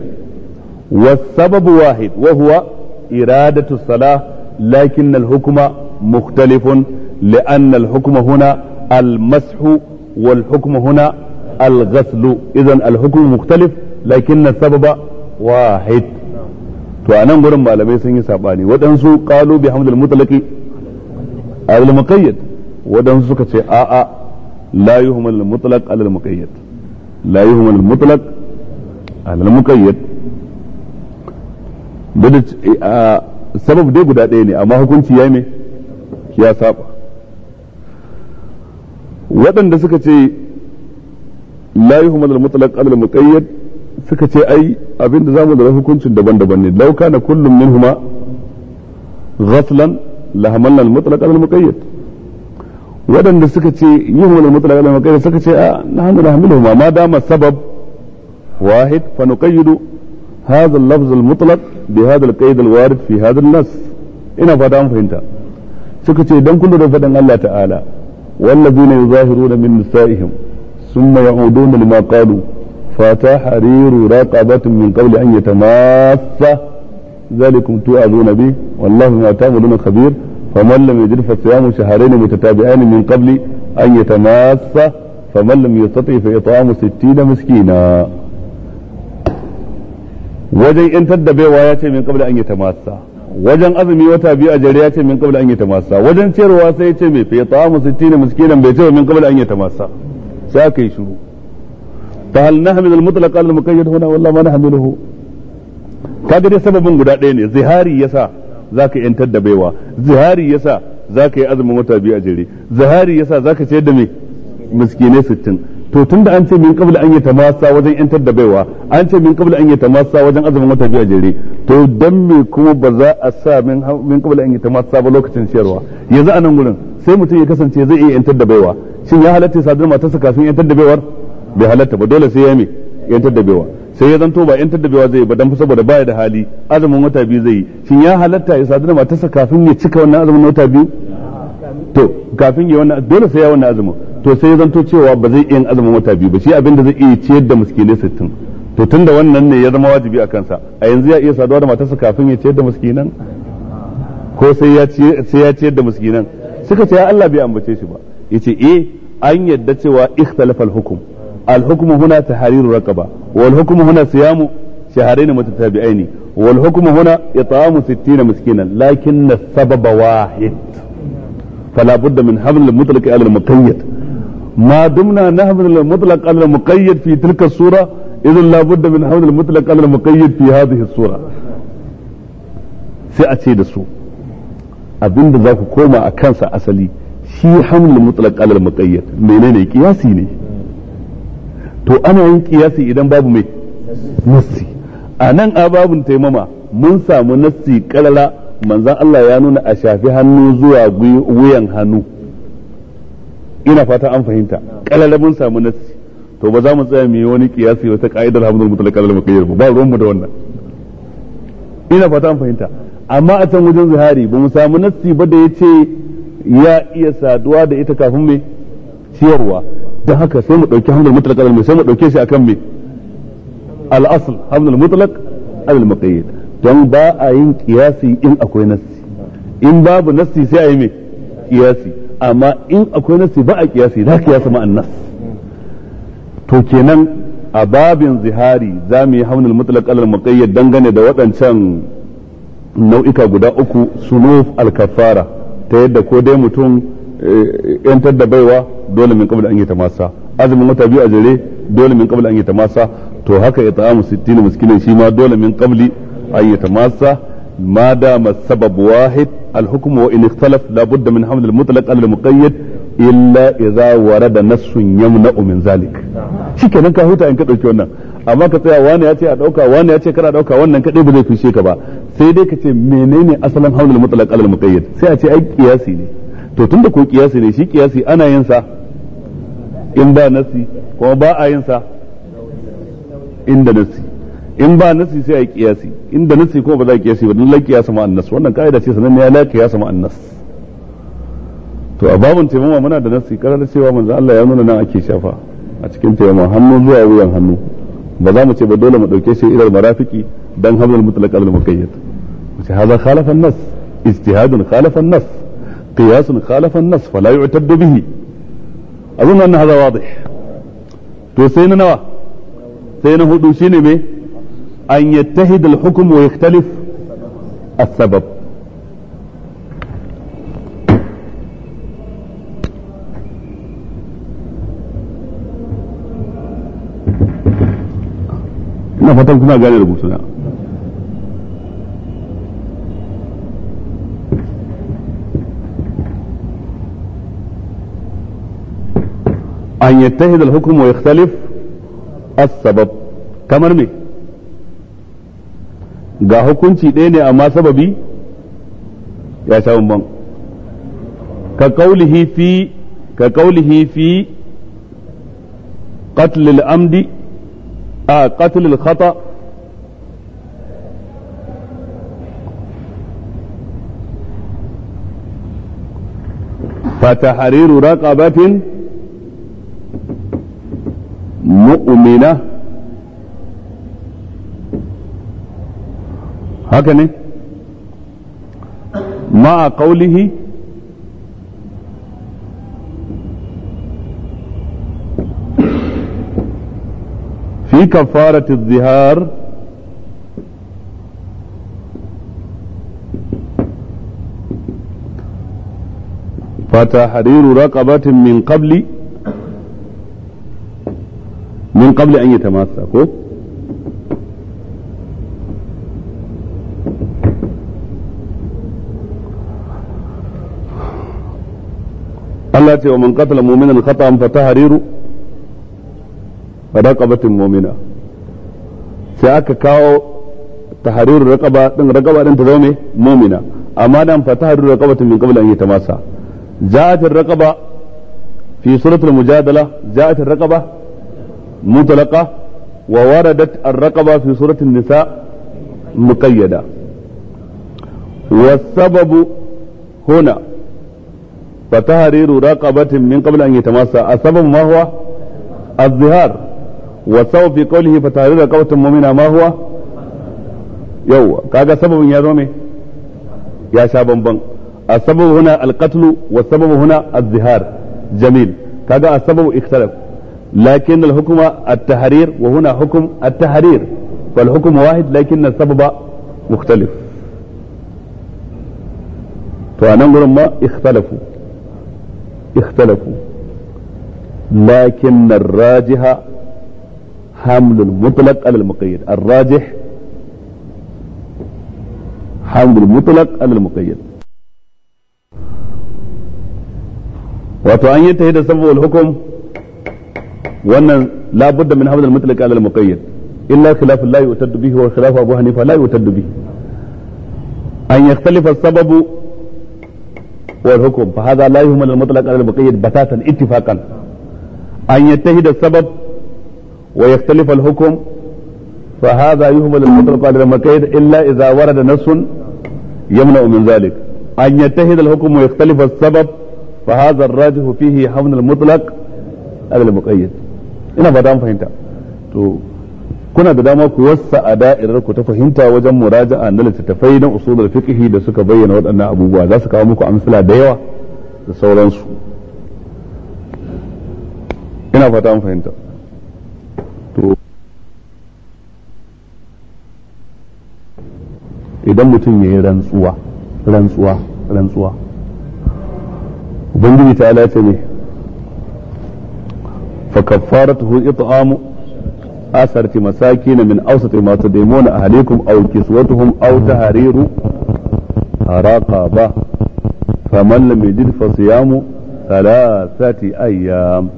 wa sababu wahid wa huwa iradatu salah lakin alhukma mukhtalifun لأن الحكم هنا المسح والحكم هنا الغسل إذا الحكم مختلف لكن السبب واحد فأنا أقول ما لم يسني سباني قالوا بحمد المطلق المقيد wadan suka ce a'a la yuhmal mutlaq alal muqayyad la yuhmal mutlaq alal muqayyad a sabab dai guda ɗaya ne amma hukunci ya ne ya saba waɗanda suka ce la yuhmal mutlaq alal muqayyad suka ce ai abinda zamu da hukuncin daban-daban ne law kana kullum minhuma ghaslan la hamalna al mutlaq alal muqayyad waɗanda suka ce yi hulun mutlaq da suka ce a ah, nahnu nahmilu ma ma dama sabab wahid fa nuqayyidu hadha al-lafz al-mutlaq bi hadha al-qayd al-warid fi hadha an-nas ina fata an fahimta suka ce dan kullu da fadan Allah ta'ala والذين يظاهرون من نسائهم ثم يعودون لما قالوا فتحرير رقبة من قبل أن يتماس ذلكم توعظون به والله ما تعملون خبير faman lam yajid fa siyamu shahrayn mutatabi'ain min qabli an yatamassa faman lam yastati fa it'amu 60 miskina wajen yantar da ya ce min qabli an yatamassa wajen azumi wata biyu a jere ya ce min qabli an yatamassa wajen ciyarwa sai ya ce bai ce min فهل نحمل المطلق المقيد هنا ولا ما نحمله kaga dai sababin guda ɗaya ne zihari yasa zaka yantar da baiwa zihari yasa zaka yi azumin wata biyu a jere zihari yasa zaka ciyar da me miskinai sittin to tunda an ce min qabla an yi tamasa wajen yantar da baiwa an ce min qabla an yi tamasa wajen azumin wata biyu a jere to dan me kuma ba za a sa min min qabla an yi tamasa ba lokacin ciyarwa yanzu a nan gurin sai mutum ya kasance zai iya yantar da baiwa shin ya halatta sadar matarsa kafin yantar da baiwar bai halatta ba dole sai ya me yantar da sai ya zanto ba yantar da baiwa zai ba dan saboda baya da hali azumin wata biyu zai shin ya halatta ya sadu da matarsa kafin ya cika wannan azumin wata biyu to kafin ya wannan dole sai ya wannan azumin to sai ya zanto cewa ba zai iya azumin wata biyu ba shi abinda zai iya ciyar da miskinai sittin to tunda wannan ne ya zama wajibi a kansa a yanzu ya iya saduwa da matarsa kafin ya ciyar da miskinan ko sai ya sai ya ciyar da miskinan suka ce ya Allah bai ambace shi ba yace eh an yadda cewa ikhtalafa al-hukum الحكم هنا تحرير رقبة والحكم هنا صيام شهرين متتابعين والحكم هنا إطعام ستين مسكينا لكن السبب واحد فلا بد من حمل المطلق على المقيد ما دمنا نحمل المطلق على المقيد في تلك الصورة إذا لا بد من حمل المطلق على المقيد في هذه الصورة سأتي دسو abin da za ku koma a kansa asali shi hamlin mutlaq alal muqayyad menene kiyasi ne to ana yin kiyasi idan babu mai nassi a nan a babun taimama mun samu nassi kalala manzan Allah ya nuna a shafi hannu zuwa wuyan hannu ina fata an fahimta kalala mun samu nassi to ba za mu tsaya mu yi wani kiyasi wata ka'idar hamdul mutalaka al muqayyir ba ruwan mu da wannan ina fata an fahimta amma a can wajen zihari ba mu samu nassi ba da yace ya iya saduwa da ita kafin mai ciyarwa da haka sai mu ɗauki hamdul mutlaq al sai mu ɗauke shi akan me al asl hamdul mutlaq al muqayyad don ba a yin qiyasi in akwai nassi in babu nassi sai a yi me qiyasi amma in akwai nassi ba a qiyasi da kiyasa ma nas to kenan a babin zihari za mu yi hamdul mutlaq al muqayyad dangane da waɗancan nau'ika guda uku sunuf al kafara ta yadda ko dai mutum eh, yantar da baiwa dole min qabla an yatamassa azumin wata biyu a jere dole min qabla an yatamassa to haka it'amu 60 miskinan shi ma dole min qabli an yatamassa ما دام السبب واحد الحكم وإن اختلف لابد من حمل المطلق على المقيد إلا إذا ورد نص يمنع من ذلك shikenan ka huta in ka ɗauki wannan amma ka tsaya wani ya ce a ɗauka wani ya ce kar a ɗauka wannan kaɗai ba zai fishe ka ba sai dai ka ce menene asalin hamlul mutlaq alal muqayyad sai a ce ai kiyasi ne to tunda ko kiyasi ne shi kiyasi ana yin sa in ba nasi kuma ba a yin sa inda nasi in ba nasi sai a yi kiyasi inda nasi kuma ba za a kiyasi ba lallai kiyasa ma annas wannan ka'ida ce sanan ya la kiyasa ma annas to a babun taimama muna da nasi da cewa manzo Allah ya nuna nan ake shafa a cikin taimama hannu zuwa wuyan hannu ba za mu ce ba dole mu dauke shi ilal marafiki dan hamlul mutlaq al muqayyad wace hadha khalafa an-nas ijtihadun khalafa an-nas qiyasun khalafa an-nas fala yu'taddu bihi أظن أن هذا واضح توسين نوا سينا هدو شيني مي أن يتحد الحكم ويختلف السبب ina fatan قال لكم سلام أن يتهد الحكم ويختلف السبب كما رمي قا حكم تيديني أما سببي يا شاوم بان كقوله في كقوله في قتل الأمد آه قتل الخطأ فتحرير رقبة مؤمنة هكذا مع قوله في كفارة الظهار فتحرير رقبة من قبل min qabli an yatamassa ko Allah ce wa man qatala mu'minan khata'an fa tahriru raqabatin mu'mina sai aka kawo tahariru raqaba din raqaba din ta zama mu'mina amma dan fa tahariru raqabatin min qabli an yatamassa ja'at ar-raqaba fi suratul mujadala ja'at ar-raqaba mutlaqa wa waradat ar-raqaba fi surati nisa muqayyada والسبب هنا فتحرير رقبة من قبل أن يتماسى السبب ما هو الظهار والسبب في قوله فتحرير رقبة مؤمنة ما هو يو كاغا سبب يا رومي يا شابن بن السبب هنا القتل والسبب هنا الظهار جميل كاغا السبب اختلف لكن الحكم التحرير وهنا حكم التحرير فالحكم واحد لكن السبب مختلف فننظر ما اختلفوا اختلفوا لكن الراجح حمل المطلق على المقيد الراجح حمل المطلق على المقيد وتؤيد an السبب والحكم wannan labudda min hamdal mutlaq ala al-muqayyad illa khilaf la yu'taddu bihi wa khilaf abu hanifa la yu'taddu bihi an yakhtalifa as-sababu wal hukm fa hadha la yuhmal al-mutlaq ala al-muqayyad batatan ittifaqan an yattahida as-sabab wa yakhtalifa al-hukm fa hadha yuhmal al-mutlaq ala al-muqayyad illa idha warada nass yamna'u min dhalik an yattahida al-hukm wa yakhtalifa as-sabab fa hadha فهذا fihi فيه mutlaq ala al-muqayyad ina ba dama fahimta to kuna da dama ku wasa a da'irar ku ta fahimta wajen muraja muraja'a ta littattafai na usulul fiqhi da suka bayyana waɗannan abubuwa za su kawo muku amsala da yawa da sauransu ina fata an fahimta to idan mutum ya yi rantsuwa rantsuwa rantsuwa ubangiji ta ce ne فكفارته إطعام عشرة مساكين من أوسط ما تدعمون أهليكم أو كسوتهم أو تهارير رقبة فمن لم يجد فصيام ثلاثة أيام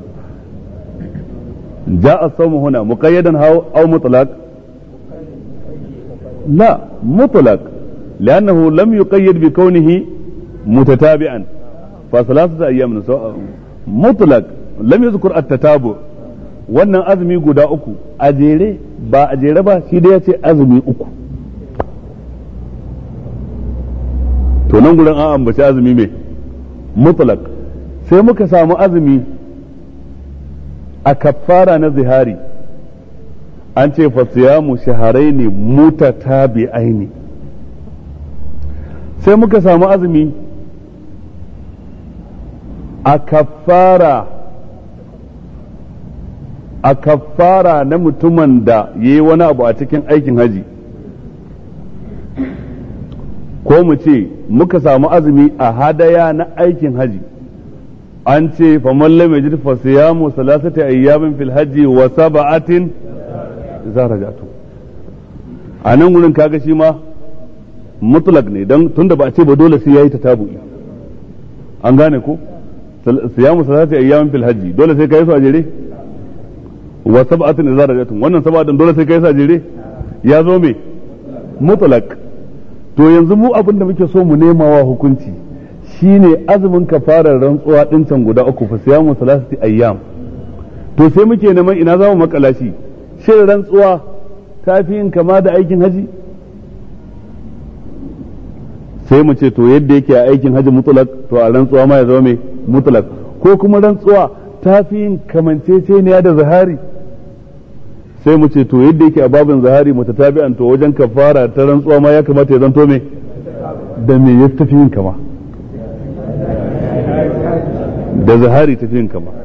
جاء الصوم هنا مقيدا أو مطلق لا مطلق لأنه لم يقيد بكونه متتابعا فثلاثة أيام مطلق lam yuzkur at-tatabu wannan azumi guda uku a jere ba a jere ba shi dai yace azumi uku to nan gurin an ambaci azumi mai mutlak sai muka samu azumi a kaffara na zihari an ce mu shaharai ne muta tabi aini sai muka samu azumi a kaffara a kafara na mutumin da ya yi wani abu a cikin aikin haji ko mu ce muka samu azumi a hadaya na aikin haji an ce faman lam yajid fa siyamu salasati ayyamin fil haji wa sab'atin zarajatu a nan gurin kaga shi ma mutlak ne don tunda ba a ce ba dole sai yayi tabu. an gane ko siyamu salasati ayyamin fil haji dole sai kai su a jere wa sab'atin idza rajatun wannan sab'atin dole sai kai sa jere ya zo me mutlaq to yanzu mu abinda da muke so mu nema wa hukunci shine azumin kafarar rantsuwa din can guda uku fa siyamu salasati ayyam to sai muke neman ina za mu makala shi shin rantsuwa ta fi yin kama da aikin haji sai mu ce to yadda yake a aikin haji mutlaq to a rantsuwa ma ya zo me mutlaq ko kuma rantsuwa ta fi yin kamanceceniya da zahari sai mu ce to yadda yake a babin zahari mu ta to wajen kafara ta rantsuwa ma ya kamata ya zanto me da me ya tafi yin kama da zahari tafi yin kama